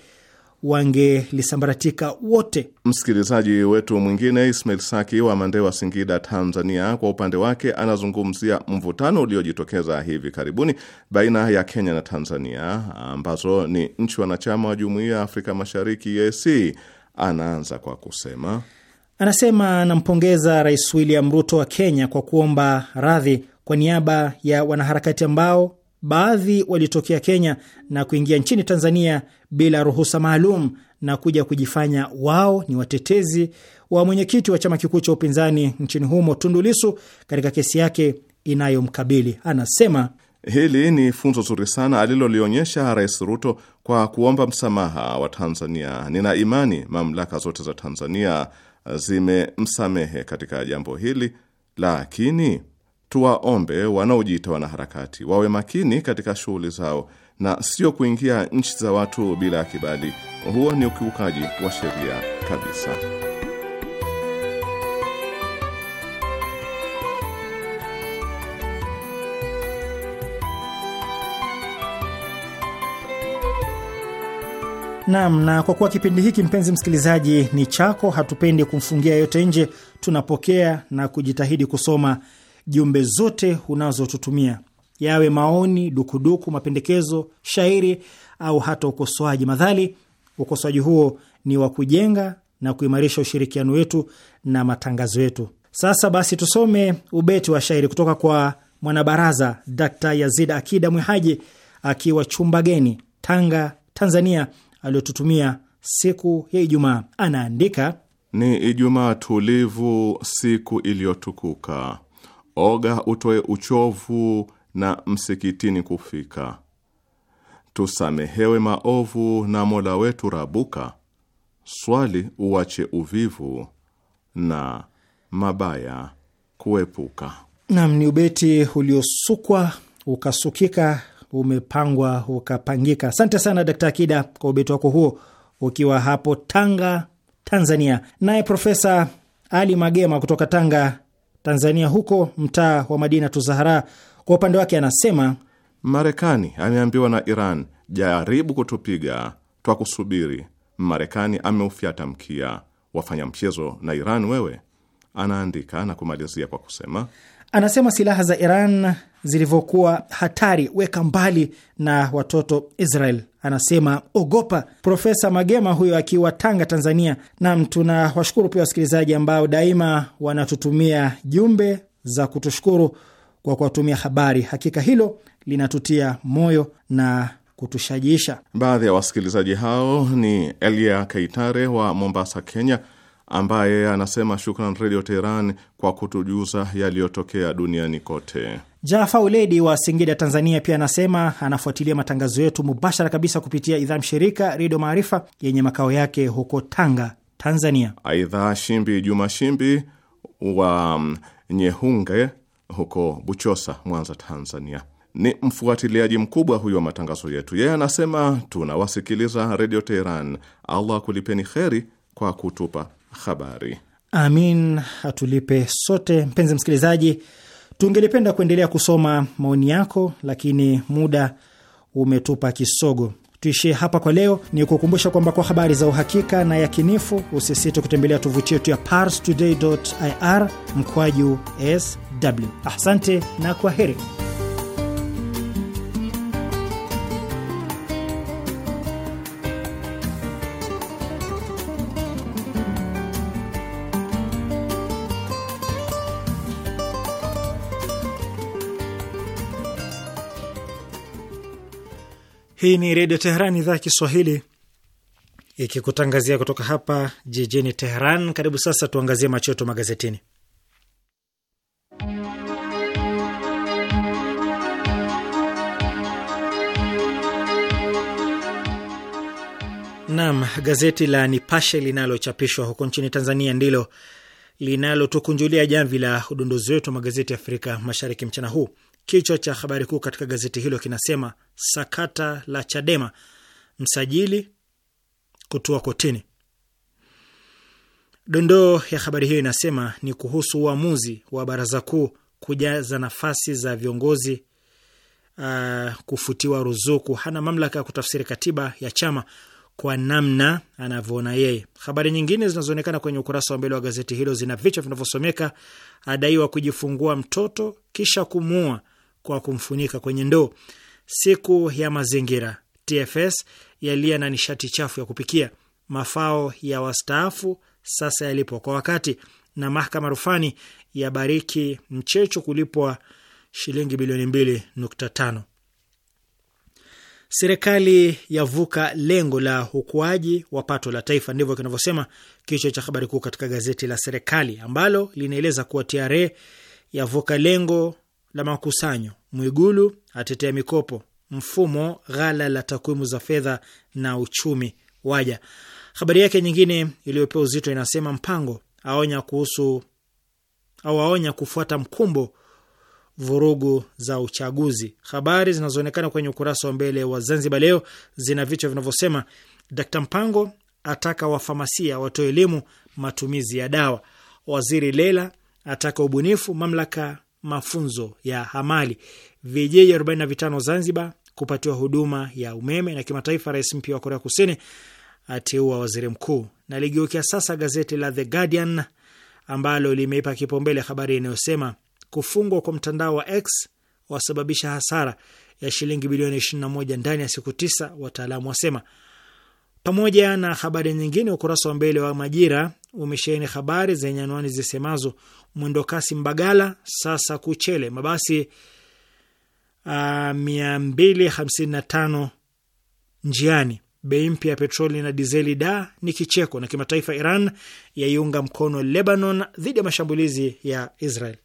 wangelisambaratika wote. Msikilizaji wetu mwingine Ismail Saki wa Mandewa, Singida, Tanzania, kwa upande wake anazungumzia mvutano uliojitokeza hivi karibuni baina ya Kenya na Tanzania ambazo ni nchi wanachama wa Jumuiya ya Afrika Mashariki, EAC. Anaanza kwa kusema, anasema anampongeza Rais William Ruto wa Kenya kwa kuomba radhi kwa niaba ya wanaharakati ambao Baadhi walitokea Kenya na kuingia nchini Tanzania bila ruhusa maalum na kuja kujifanya wao ni watetezi wa mwenyekiti wa chama kikuu cha upinzani nchini humo Tundu Lissu katika kesi yake inayomkabili. Anasema hili ni funzo zuri sana alilolionyesha Rais Ruto kwa kuomba msamaha wa Tanzania. Nina imani mamlaka zote za Tanzania zimemsamehe katika jambo hili, lakini tuwaombe wanaojiita wanaharakati wawe makini katika shughuli zao na sio kuingia nchi za watu bila ya kibali. Huo ni ukiukaji wa sheria kabisa. Naam, na kwa kuwa kipindi hiki, mpenzi msikilizaji, ni chako, hatupendi kumfungia yote nje, tunapokea na kujitahidi kusoma jumbe zote unazotutumia, yawe maoni, dukuduku, mapendekezo, shairi au hata ukosoaji, madhali ukosoaji huo ni wa kujenga na kuimarisha ushirikiano wetu na matangazo yetu. Sasa basi, tusome ubeti wa shairi kutoka kwa mwanabaraza Dr. Yazid Akida Mwihaji akiwa Chumbageni, Tanga, Tanzania, aliyotutumia siku ya Ijumaa. Anaandika: ni Ijumaa tulivu, siku iliyotukuka oga utoe uchovu na msikitini kufika, tusamehewe maovu na Mola wetu rabuka, swali uache uvivu na mabaya kuepuka. Nam ni ubeti uliosukwa ukasukika, umepangwa ukapangika. Asante sana Dkt. Akida kwa ubeti wako huo, ukiwa hapo Tanga, Tanzania. Naye Profesa Ali Magema kutoka Tanga Tanzania, huko mtaa wa Madina Tuzahara. Kwa upande wake anasema Marekani ameambiwa na Iran, jaribu kutupiga, twa kusubiri Marekani ameufyata mkia, wafanya mchezo na Iran wewe, anaandika na kumalizia kwa kusema Anasema silaha za Iran zilivyokuwa hatari, weka mbali na watoto Israel. Anasema ogopa. Profesa Magema huyo akiwa Tanga, Tanzania. Nam, tunawashukuru pia wasikilizaji ambao daima wanatutumia jumbe za kutushukuru kwa kuwatumia habari. Hakika hilo linatutia moyo na kutushajiisha. Baadhi ya wasikilizaji hao ni Elia Kaitare wa Mombasa, Kenya ambaye anasema shukran Redio Teheran kwa kutujuza yaliyotokea duniani kote. Jafa Uledi wa Singida, Tanzania, pia anasema anafuatilia matangazo yetu mubashara kabisa kupitia idhaa mshirika Redio Maarifa yenye makao yake huko Tanga, Tanzania. Aidha, Shimbi Juma Shimbi wa mm, Nyehunge huko Buchosa, Mwanza, Tanzania, ni mfuatiliaji mkubwa huyo wa matangazo yetu. Yeye anasema tunawasikiliza Redio Teheran. Allah kulipeni kheri kwa kutupa habari. Amin atulipe sote. Mpenzi msikilizaji, tungelipenda kuendelea kusoma maoni yako, lakini muda umetupa kisogo. Tuishie hapa kwa leo. Ni kukumbusha kwamba kwa habari za uhakika na yakinifu usisite kutembelea tovuti yetu ya parstoday.ir mkwaju sw. Asante na kwa heri. Hii ni Redio Teheran, idhaa ya Kiswahili, ikikutangazia kutoka hapa jijini Teheran. Karibu sasa, tuangazie machoto magazetini. Nam, gazeti la Nipashe linalochapishwa huko nchini Tanzania ndilo linalotukunjulia jamvi la udondozi wetu wa magazeti ya Afrika Mashariki mchana huu. Kichwa cha habari kuu katika gazeti hilo kinasema sakata la Chadema, msajili kutua kotini. Dondoo ya habari hiyo inasema ni kuhusu uamuzi wa baraza kuu kujaza nafasi za viongozi uh, kufutiwa ruzuku. Hana mamlaka ya kutafsiri katiba ya chama kwa namna anavyoona yeye. Habari nyingine zinazoonekana kwenye ukurasa wa mbele wa gazeti hilo zina vichwa vinavyosomeka: adaiwa kujifungua mtoto kisha kumuua, kwa kumfunika kwenye ndoo. Siku ya mazingira, TFS yalia na nishati chafu ya kupikia. Mafao ya wastaafu sasa yalipo kwa wakati, na mahakama rufani yabariki mchecho kulipwa shilingi bilioni mbili nukta tano. Serikali yavuka lengo la ukuaji wa pato la taifa, ndivyo kinavyosema kichwa cha habari kuu katika gazeti la serikali ambalo linaeleza kuwa TRA yavuka lengo la makusanyo, Mwigulu atetea mikopo, mfumo ghala la takwimu za fedha na uchumi waja. Habari yake nyingine iliyopewa uzito inasema Mpango aonya kuhusu au aonya kufuata mkumbo vurugu za uchaguzi. Habari zinazoonekana kwenye ukurasa wa mbele wa Zanzibar Leo zina vichwa vinavyosema Dkt Mpango ataka wafamasia watoe elimu matumizi ya dawa, waziri Lela ataka ubunifu mamlaka mafunzo ya hamali. vijiji 45 Zanzibar kupatiwa huduma ya umeme. Na kimataifa, rais mpya wa Korea Kusini ateua waziri mkuu. Na ligeukia sasa gazeti la The Guardian ambalo limeipa kipaumbele habari inayosema kufungwa kwa mtandao wa X wasababisha hasara ya shilingi bilioni 21 ndani ya siku tisa, wataalamu wasema pamoja na habari nyingine. Ukurasa wa mbele wa Majira umesheheni habari zenye anwani zisemazo mwendokasi Mbagala sasa Kuchele, mabasi uh, ah, 255 njiani, bei mpya ya petroli na dizeli da ni kicheko, na kimataifa Iran yaiunga mkono Lebanon dhidi ya mashambulizi ya Israel.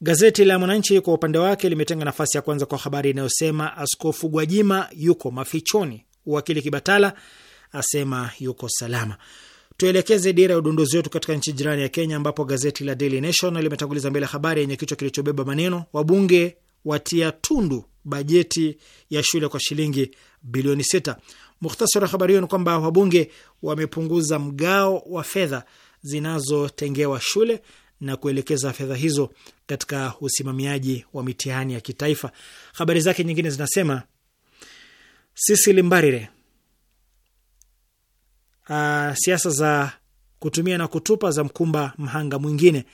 Gazeti la Mwananchi kwa upande wake limetenga nafasi ya kwanza kwa habari inayosema Askofu Gwajima yuko mafichoni. Wakili Kibatala asema yuko salama. Tuelekeze dira ya udondozi wetu katika nchi jirani ya Kenya, ambapo gazeti la Daily Nation limetanguliza mbele habari yenye kichwa kilichobeba maneno wabunge watia tundu bajeti ya shule kwa shilingi bilioni sita. Mukhtasari wa habari hiyo ni kwamba wabunge wamepunguza mgao wa fedha zinazotengewa shule na kuelekeza fedha hizo katika usimamiaji wa mitihani ya kitaifa. Habari zake nyingine zinasema Sisili Mbarire, ah, siasa za kutumia na kutupa za mkumba mhanga mwingine.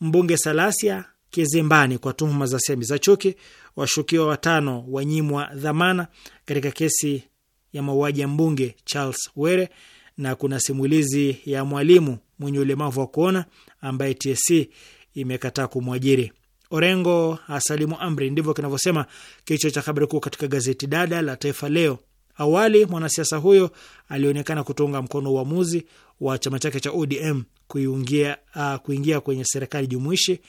Mbunge Salasia kizimbani kwa tuhuma za semi za chuki. Washukiwa watano wanyimwa dhamana katika kesi ya mauaji ya mbunge Charles Were, na kuna simulizi ya mwalimu mwenye ulemavu wa kuona ambaye TSC imekataa kumwajiri. Orengo asalimu amri, ndivyo kinavyosema kichwa cha habari kuu katika gazeti dada la Taifa Leo. Awali mwanasiasa huyo alionekana kutunga mkono uamuzi wa chama chake cha ODM kuingia, uh, kuingia kwenye serikali jumuishi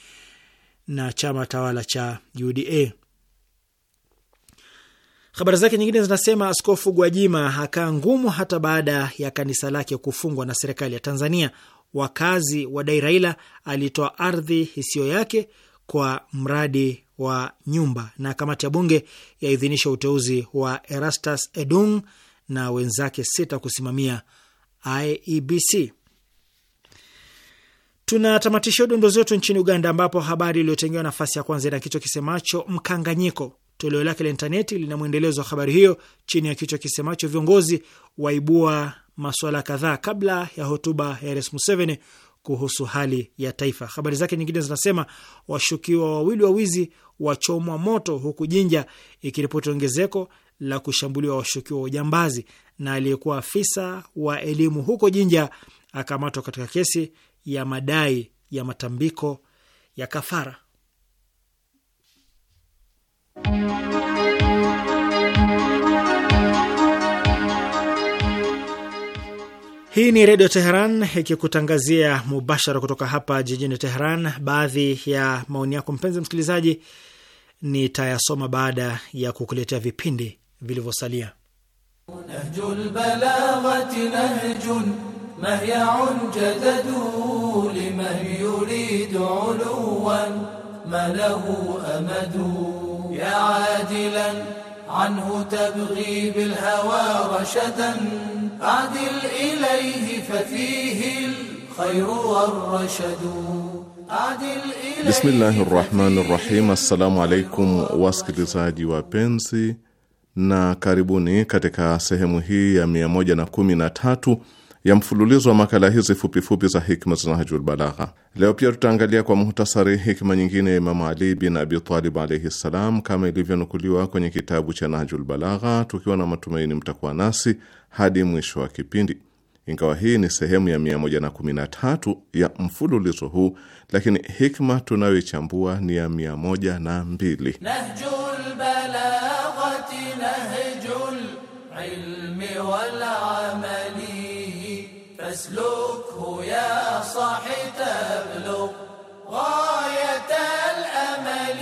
na chama tawala cha UDA. Habari zake nyingine zinasema Askofu Gwajima hakaa ngumu hata baada ya kanisa lake kufungwa na serikali ya Tanzania. Wakazi wa dairaila alitoa ardhi isiyo yake kwa mradi wa nyumba, na kamati ya bunge yaidhinisha uteuzi wa Erastus Edung na wenzake sita kusimamia IEBC. Tunatamatishia dondoo zetu nchini Uganda, ambapo habari iliyotengewa nafasi ya kwanza ina kichwa kisemacho mkanganyiko. Toleo lake la intaneti lina mwendelezo wa habari hiyo chini ya kichwa kisemacho viongozi waibua masuala kadhaa kabla ya hotuba ya Rais Museveni kuhusu hali ya taifa. Habari zake nyingine zinasema washukiwa wawili wa wizi wachomwa moto, huku Jinja ikiripoti ongezeko la kushambuliwa washukiwa wa ujambazi, na aliyekuwa afisa wa elimu huko Jinja akamatwa katika kesi ya madai ya matambiko ya kafara. Hii ni Redio Teheran ikikutangazia mubashara kutoka hapa jijini Teheran. Baadhi ya maoni yako mpenzi msikilizaji nitayasoma baada ya kukuletea vipindi vilivyosalia. أعدل إليه ففيه الخير والرشد Bismillahi rahmani rahim. Assalamu alaikum wasikilizaji wapenzi, na karibuni katika sehemu hii ya tatu ya mfululizo wa makala hizi fupifupi za hikma za Nahjul Balagha. Leo pia tutaangalia kwa muhtasari hikma nyingine ya Imamu Ali bin Abi Talib alaihi ssalam, kama ilivyonukuliwa kwenye kitabu cha Nahjul Balagha, tukiwa na matumaini mtakuwa nasi hadi mwisho wa kipindi. Ingawa hii ni sehemu ya 113 ya mfululizo huu, lakini hikma tunayoichambua ni ya 102 Nahjul yati يا صاحي تبلغ غاية الأمل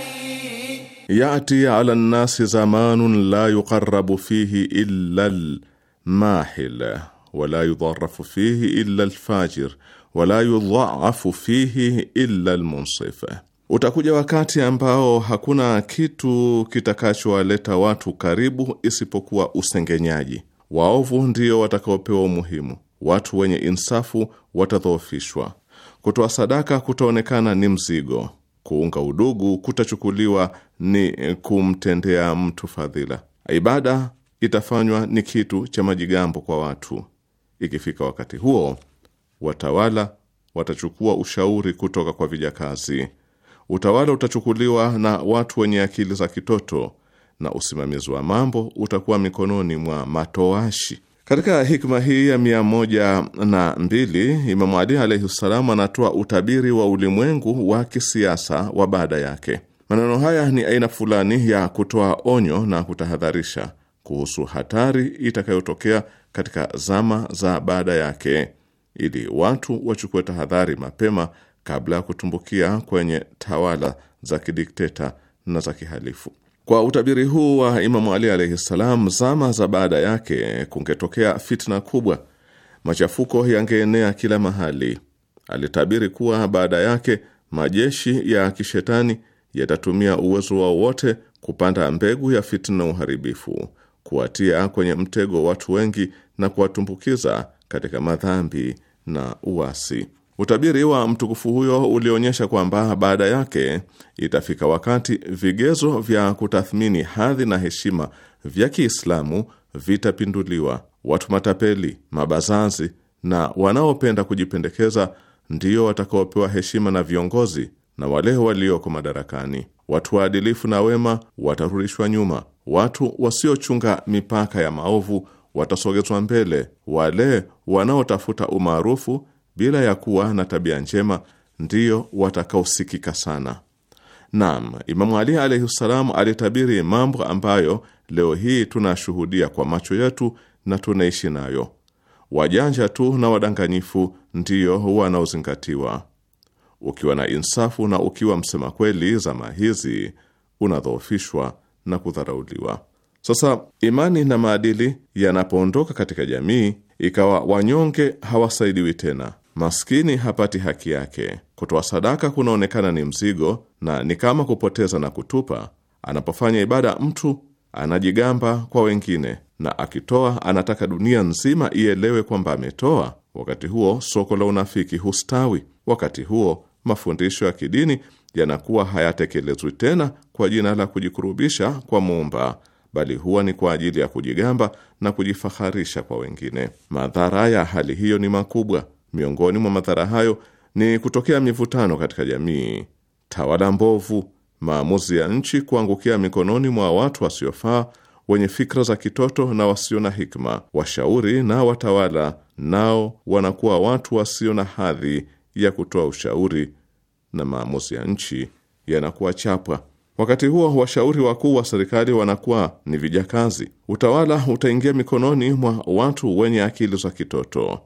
يأتي على الناس زمان لا يقرب فيه إلا الماحل ولا يضرف فيه إلا الفاجر wala yudhaafu fihi illa lmunsif utakuja wakati ambao hakuna kitu kitakachowaleta watu karibu isipokuwa usengenyaji. Waovu ndio watakaopewa umuhimu, watu wenye insafu watadhoofishwa, kutoa sadaka kutaonekana ni mzigo, kuunga udugu kutachukuliwa ni kumtendea mtu fadhila, ibada itafanywa ni kitu cha majigambo kwa watu. Ikifika wakati huo, watawala watachukua ushauri kutoka kwa vijakazi, utawala utachukuliwa na watu wenye akili za kitoto, na usimamizi wa mambo utakuwa mikononi mwa matoashi. Katika hikma hii ya mia moja na mbili Imamu Ali alaihi ssalam anatoa utabiri wa ulimwengu wa kisiasa wa baada yake. Maneno haya ni aina fulani ya kutoa onyo na kutahadharisha kuhusu hatari itakayotokea katika zama za baada yake, ili watu wachukue tahadhari mapema kabla ya kutumbukia kwenye tawala za kidikteta na za kihalifu. Kwa utabiri huu wa Imamu Ali alaihi ssalam, zama za baada yake kungetokea fitna kubwa, machafuko yangeenea kila mahali. Alitabiri kuwa baada yake majeshi ya kishetani yatatumia uwezo wao wote kupanda mbegu ya fitna na uharibifu, kuwatia kwenye mtego watu wengi na kuwatumbukiza katika madhambi na uasi. Utabiri wa mtukufu huyo ulionyesha kwamba baada yake itafika wakati vigezo vya kutathmini hadhi na heshima vya Kiislamu vitapinduliwa. Watu matapeli, mabazazi na wanaopenda kujipendekeza ndio watakaopewa heshima na viongozi na wale walioko madarakani. Watu waadilifu na wema watarudishwa nyuma. Watu wasiochunga mipaka ya maovu watasogezwa mbele. Wale wanaotafuta umaarufu bila ya kuwa na tabia njema ndiyo watakaosikika sana. Naam, Imamu Ali alaihi ssalam alitabiri mambo ambayo leo hii tunashuhudia kwa macho yetu na tunaishi nayo. Wajanja tu na wadanganyifu ndiyo wanaozingatiwa. Ukiwa na insafu na ukiwa msema kweli, zama hizi unadhoofishwa na kudharauliwa. Sasa imani na maadili yanapoondoka katika jamii, ikawa wanyonge hawasaidiwi tena, maskini hapati haki yake. Kutoa sadaka kunaonekana ni mzigo na ni kama kupoteza na kutupa. Anapofanya ibada, mtu anajigamba kwa wengine, na akitoa anataka dunia nzima ielewe kwamba ametoa. Wakati huo soko la unafiki hustawi. Wakati huo mafundisho ya kidini yanakuwa hayatekelezwi tena kwa jina la kujikurubisha kwa Muumba, bali huwa ni kwa ajili ya kujigamba na kujifaharisha kwa wengine. Madhara ya hali hiyo ni makubwa. Miongoni mwa madhara hayo ni kutokea mivutano katika jamii, tawala mbovu, maamuzi ya nchi kuangukia mikononi mwa watu wasiofaa, wenye fikra za kitoto na wasio na hikma. Washauri na watawala nao wanakuwa watu wasio na hadhi ya kutoa ushauri na maamuzi ya nchi yanakuwa chapwa. Wakati huo washauri wakuu wa serikali wanakuwa ni vijakazi. Utawala utaingia mikononi mwa watu wenye akili za kitoto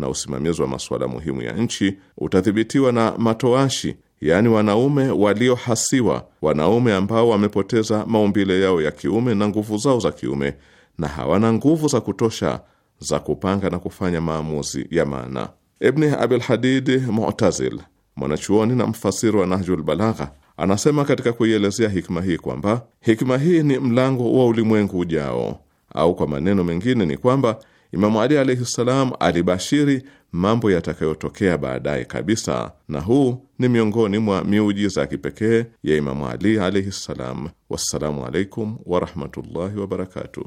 na usimamizi wa masuala muhimu ya nchi utadhibitiwa na matoashi, yaani wanaume waliohasiwa, wanaume ambao wamepoteza maumbile yao ya kiume na nguvu zao za kiume na hawana nguvu za kutosha za kupanga na kufanya maamuzi ya maana. Ibni Abil Hadid Mu'tazil, mwanachuoni na mfasiri wa Nahjul Balagha, anasema katika kuielezea hikma hii kwamba hikma hii ni mlango wa ulimwengu ujao, au kwa maneno mengine ni kwamba Imamu Ali alaihi ssalam alibashiri mambo yatakayotokea baadaye kabisa, na huu ni miongoni mwa miujiza ya kipekee ya Imamu Ali alaihi ssalam. Wassalamu alaikum warahmatullahi wabarakatuh.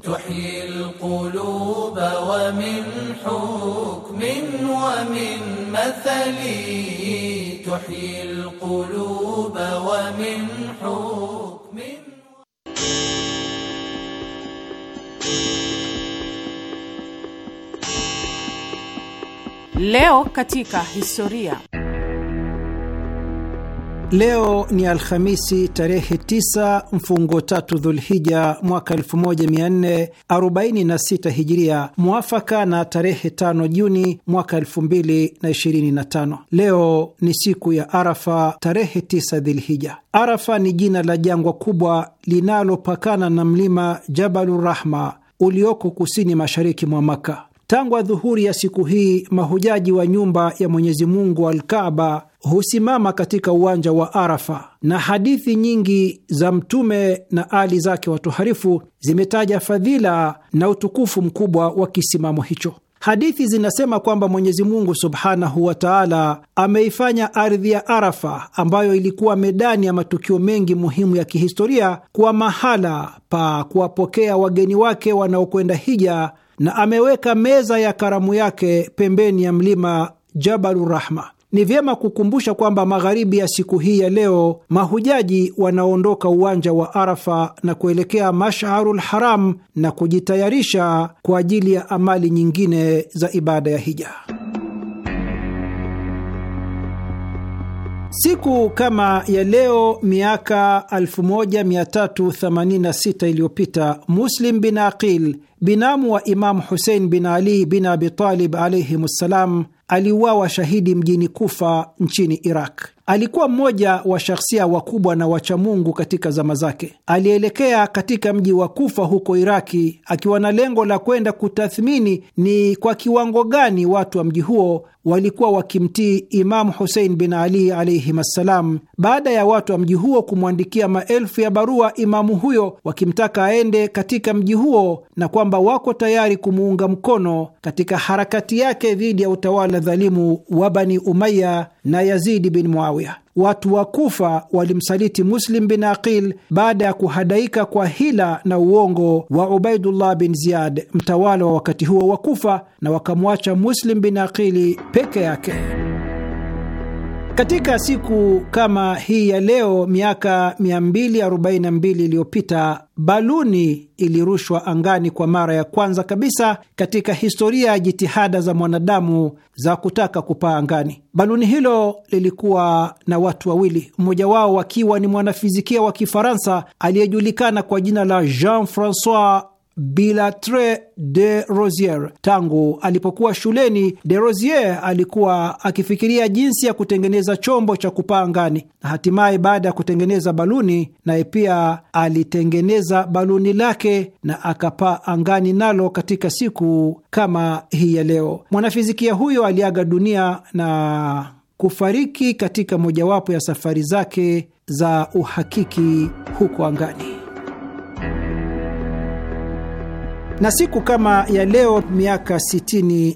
Leo katika historia. Leo ni Alhamisi tarehe 9 mfungo tatu Dhulhija mwaka 1446 Hijiria, mwafaka na tarehe 5 Juni mwaka 2025. Leo ni siku ya Arafa, tarehe 9 Dhilhija. Arafa ni jina la jangwa kubwa linalopakana na mlima Jabalurrahma ulioko kusini mashariki mwa Maka. Tangu adhuhuri ya siku hii mahujaji wa nyumba ya Mwenyezi Mungu husimama katika uwanja wa Arafa, na hadithi nyingi za Mtume na ali zake watoharifu zimetaja fadhila na utukufu mkubwa wa kisimamo hicho. Hadithi zinasema kwamba Mwenyezi Mungu subhanahu wa taala ameifanya ardhi ya Arafa, ambayo ilikuwa medani ya matukio mengi muhimu ya kihistoria, kuwa mahala pa kuwapokea wageni wake wanaokwenda hija na ameweka meza ya karamu yake pembeni ya mlima Jabalurrahma. Ni vyema kukumbusha kwamba magharibi ya siku hii ya leo mahujaji wanaondoka uwanja wa Arafa na kuelekea Masharul Haram na kujitayarisha kwa ajili ya amali nyingine za ibada ya hija. Siku kama ya leo miaka 1386 iliyopita Muslim bin Aqil binamu wa Imamu Husein bin Ali bin abitalib Talib alaihim ssalam aliuawa shahidi mjini Kufa nchini Iraq. Alikuwa mmoja wa shahsia wakubwa na wachamungu katika zama zake. Alielekea katika mji wa Kufa huko Iraki akiwa na lengo la kwenda kutathmini ni kwa kiwango gani watu wa mji huo walikuwa wakimtii Imamu Husein bin Ali alaihim assalam, baada ya watu wa mji huo kumwandikia maelfu ya barua imamu huyo wakimtaka aende katika mji huo na kwamba wako tayari kumuunga mkono katika harakati yake dhidi ya utawala dhalimu wa Bani Umaya na Yazidi bin Muawiya. Muawiya. Watu wa Kufa walimsaliti Muslim bin Aqil baada ya kuhadaika kwa hila na uongo wa Ubaidullah bin Ziyad, mtawala wa wakati huo wa Kufa, na wakamwacha Muslim bin Aqili peke yake. Katika siku kama hii ya leo miaka 242 iliyopita baluni ilirushwa angani kwa mara ya kwanza kabisa katika historia ya jitihada za mwanadamu za kutaka kupaa angani. Baluni hilo lilikuwa na watu wawili, mmoja wao akiwa ni mwanafizikia wa Kifaransa aliyejulikana kwa jina la Jean Francois Billatre de Rosier. Tangu alipokuwa shuleni, de Rosier alikuwa akifikiria jinsi ya kutengeneza chombo cha kupaa angani, na hatimaye baada ya kutengeneza baluni, naye pia alitengeneza baluni lake na akapaa angani nalo katika siku kama hii ya leo. Mwanafizikia huyo aliaga dunia na kufariki katika mojawapo ya safari zake za uhakiki huko angani. Na siku kama ya leo miaka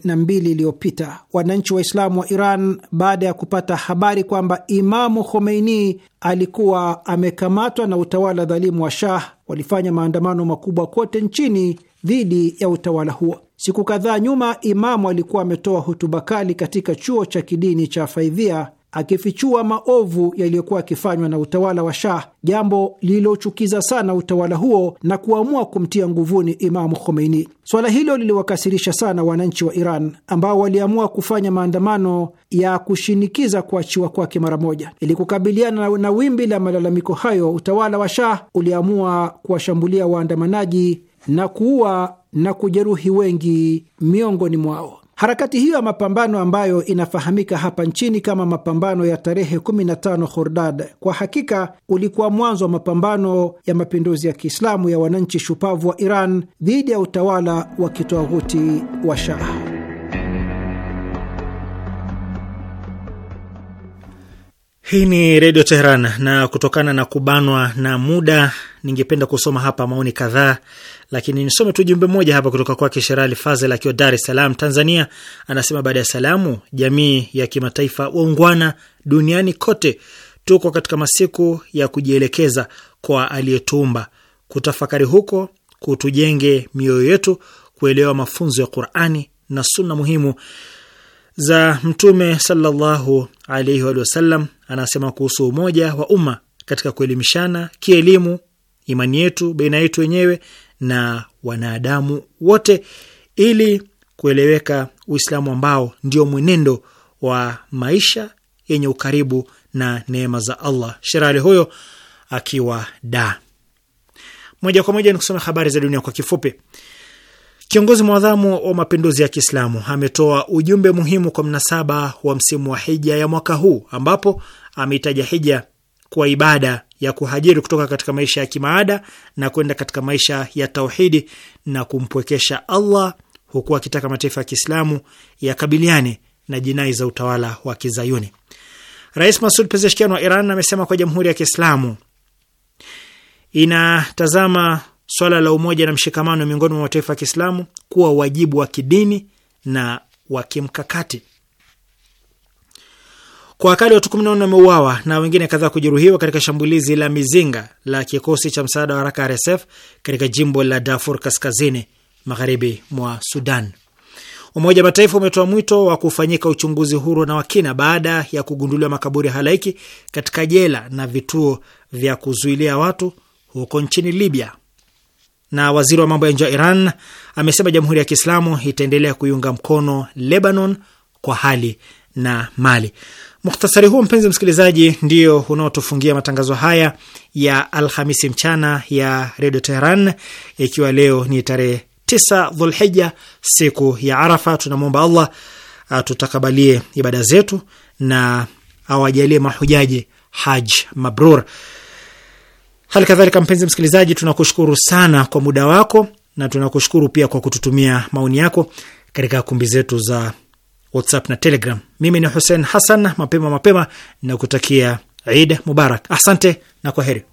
na mbili iliyopita wananchi Waislamu wa Iran, baada ya kupata habari kwamba Imamu Khomeini alikuwa amekamatwa na utawala dhalimu wa Shah, walifanya maandamano makubwa kote nchini dhidi ya utawala huo. Siku kadhaa nyuma, Imamu alikuwa ametoa hutuba kali katika chuo cha kidini cha Faidhia akifichua maovu yaliyokuwa akifanywa na utawala wa Shah, jambo lililochukiza sana utawala huo na kuamua kumtia nguvuni Imamu Khomeini. Swala hilo liliwakasirisha sana wananchi wa Iran ambao waliamua kufanya maandamano ya kushinikiza kuachiwa kwake mara moja. Ili kukabiliana na wimbi la malalamiko hayo, utawala wa Shah uliamua kuwashambulia waandamanaji na kuua na kujeruhi wengi miongoni mwao. Harakati hiyo ya mapambano ambayo inafahamika hapa nchini kama mapambano ya tarehe 15 Khordad kwa hakika ulikuwa mwanzo wa mapambano ya mapinduzi ya Kiislamu ya wananchi shupavu wa Iran dhidi ya utawala wa kitwaghuti wa Shah. Hii ni Redio Teheran, na kutokana na kubanwa na muda, ningependa kusoma hapa maoni kadhaa lakini nisome tu jumbe moja hapa kutoka kwake Sherali Fazel akiwa Dar es Salaam, Tanzania. Anasema baada ya salamu, jamii ya kimataifa waungwana duniani kote, tuko katika masiku ya kujielekeza kwa aliyetuumba, kutafakari huko kutujenge mioyo yetu kuelewa mafunzo ya Qur'ani na sunna muhimu za Mtume sallallahu alaihi wa sallam. Anasema kuhusu umoja wa umma katika kuelimishana kielimu, imani yetu baina yetu wenyewe na wanadamu wote ili kueleweka Uislamu ambao ndio mwenendo wa maisha yenye ukaribu na neema za Allah. Sherali huyo akiwa da. Moja kwa moja ni kusoma habari za dunia kwa kifupi. Kiongozi mwadhamu wa mapinduzi ya Kiislamu ametoa ujumbe muhimu kwa mnasaba wa msimu wa hija ya mwaka huu ambapo ameitaja hija kuwa ibada ya kuhajiri kutoka katika maisha ya kimaada na kwenda katika maisha ya tauhidi na kumpwekesha Allah, huku akitaka mataifa ya Kiislamu yakabiliane na jinai za utawala wa Kizayuni. Rais Masud Pezeshkian wa Iran amesema kwa Jamhuri ya Kiislamu inatazama swala la umoja na mshikamano miongoni mwa mataifa ya Kiislamu kuwa wajibu wa kidini na wa kimkakati. Kwa akali watu 14 wameuawa na wengine kadhaa kujeruhiwa katika shambulizi la mizinga la kikosi cha msaada wa haraka RSF katika jimbo la Darfur kaskazini magharibi mwa Sudan. Umoja wa Mataifa umetoa mwito wa kufanyika uchunguzi huru na wakina baada ya kugunduliwa makaburi halaiki katika jela na vituo vya kuzuilia watu huko nchini Libya. Na waziri wa mambo ya nje wa Iran amesema Jamhuri ya Kiislamu itaendelea kuiunga mkono Lebanon kwa hali na mali. Muhtasari huo mpenzi msikilizaji, ndio unaotufungia matangazo haya ya Alhamisi mchana ya Redio Teheran, ikiwa leo ni tarehe tisa Dhulhija, siku ya Arafa. Tunamwomba Allah atutakabalie ibada zetu na awajalie mahujaji haj mabrur. Hali kadhalika, mpenzi msikilizaji, tunakushukuru sana kwa muda wako na tunakushukuru pia kwa kututumia maoni yako katika kumbi zetu za WhatsApp na Telegram. Mimi ni Hussein Hassan, mapema mapema na kutakia Eid Mubarak. Asante na kwa heri.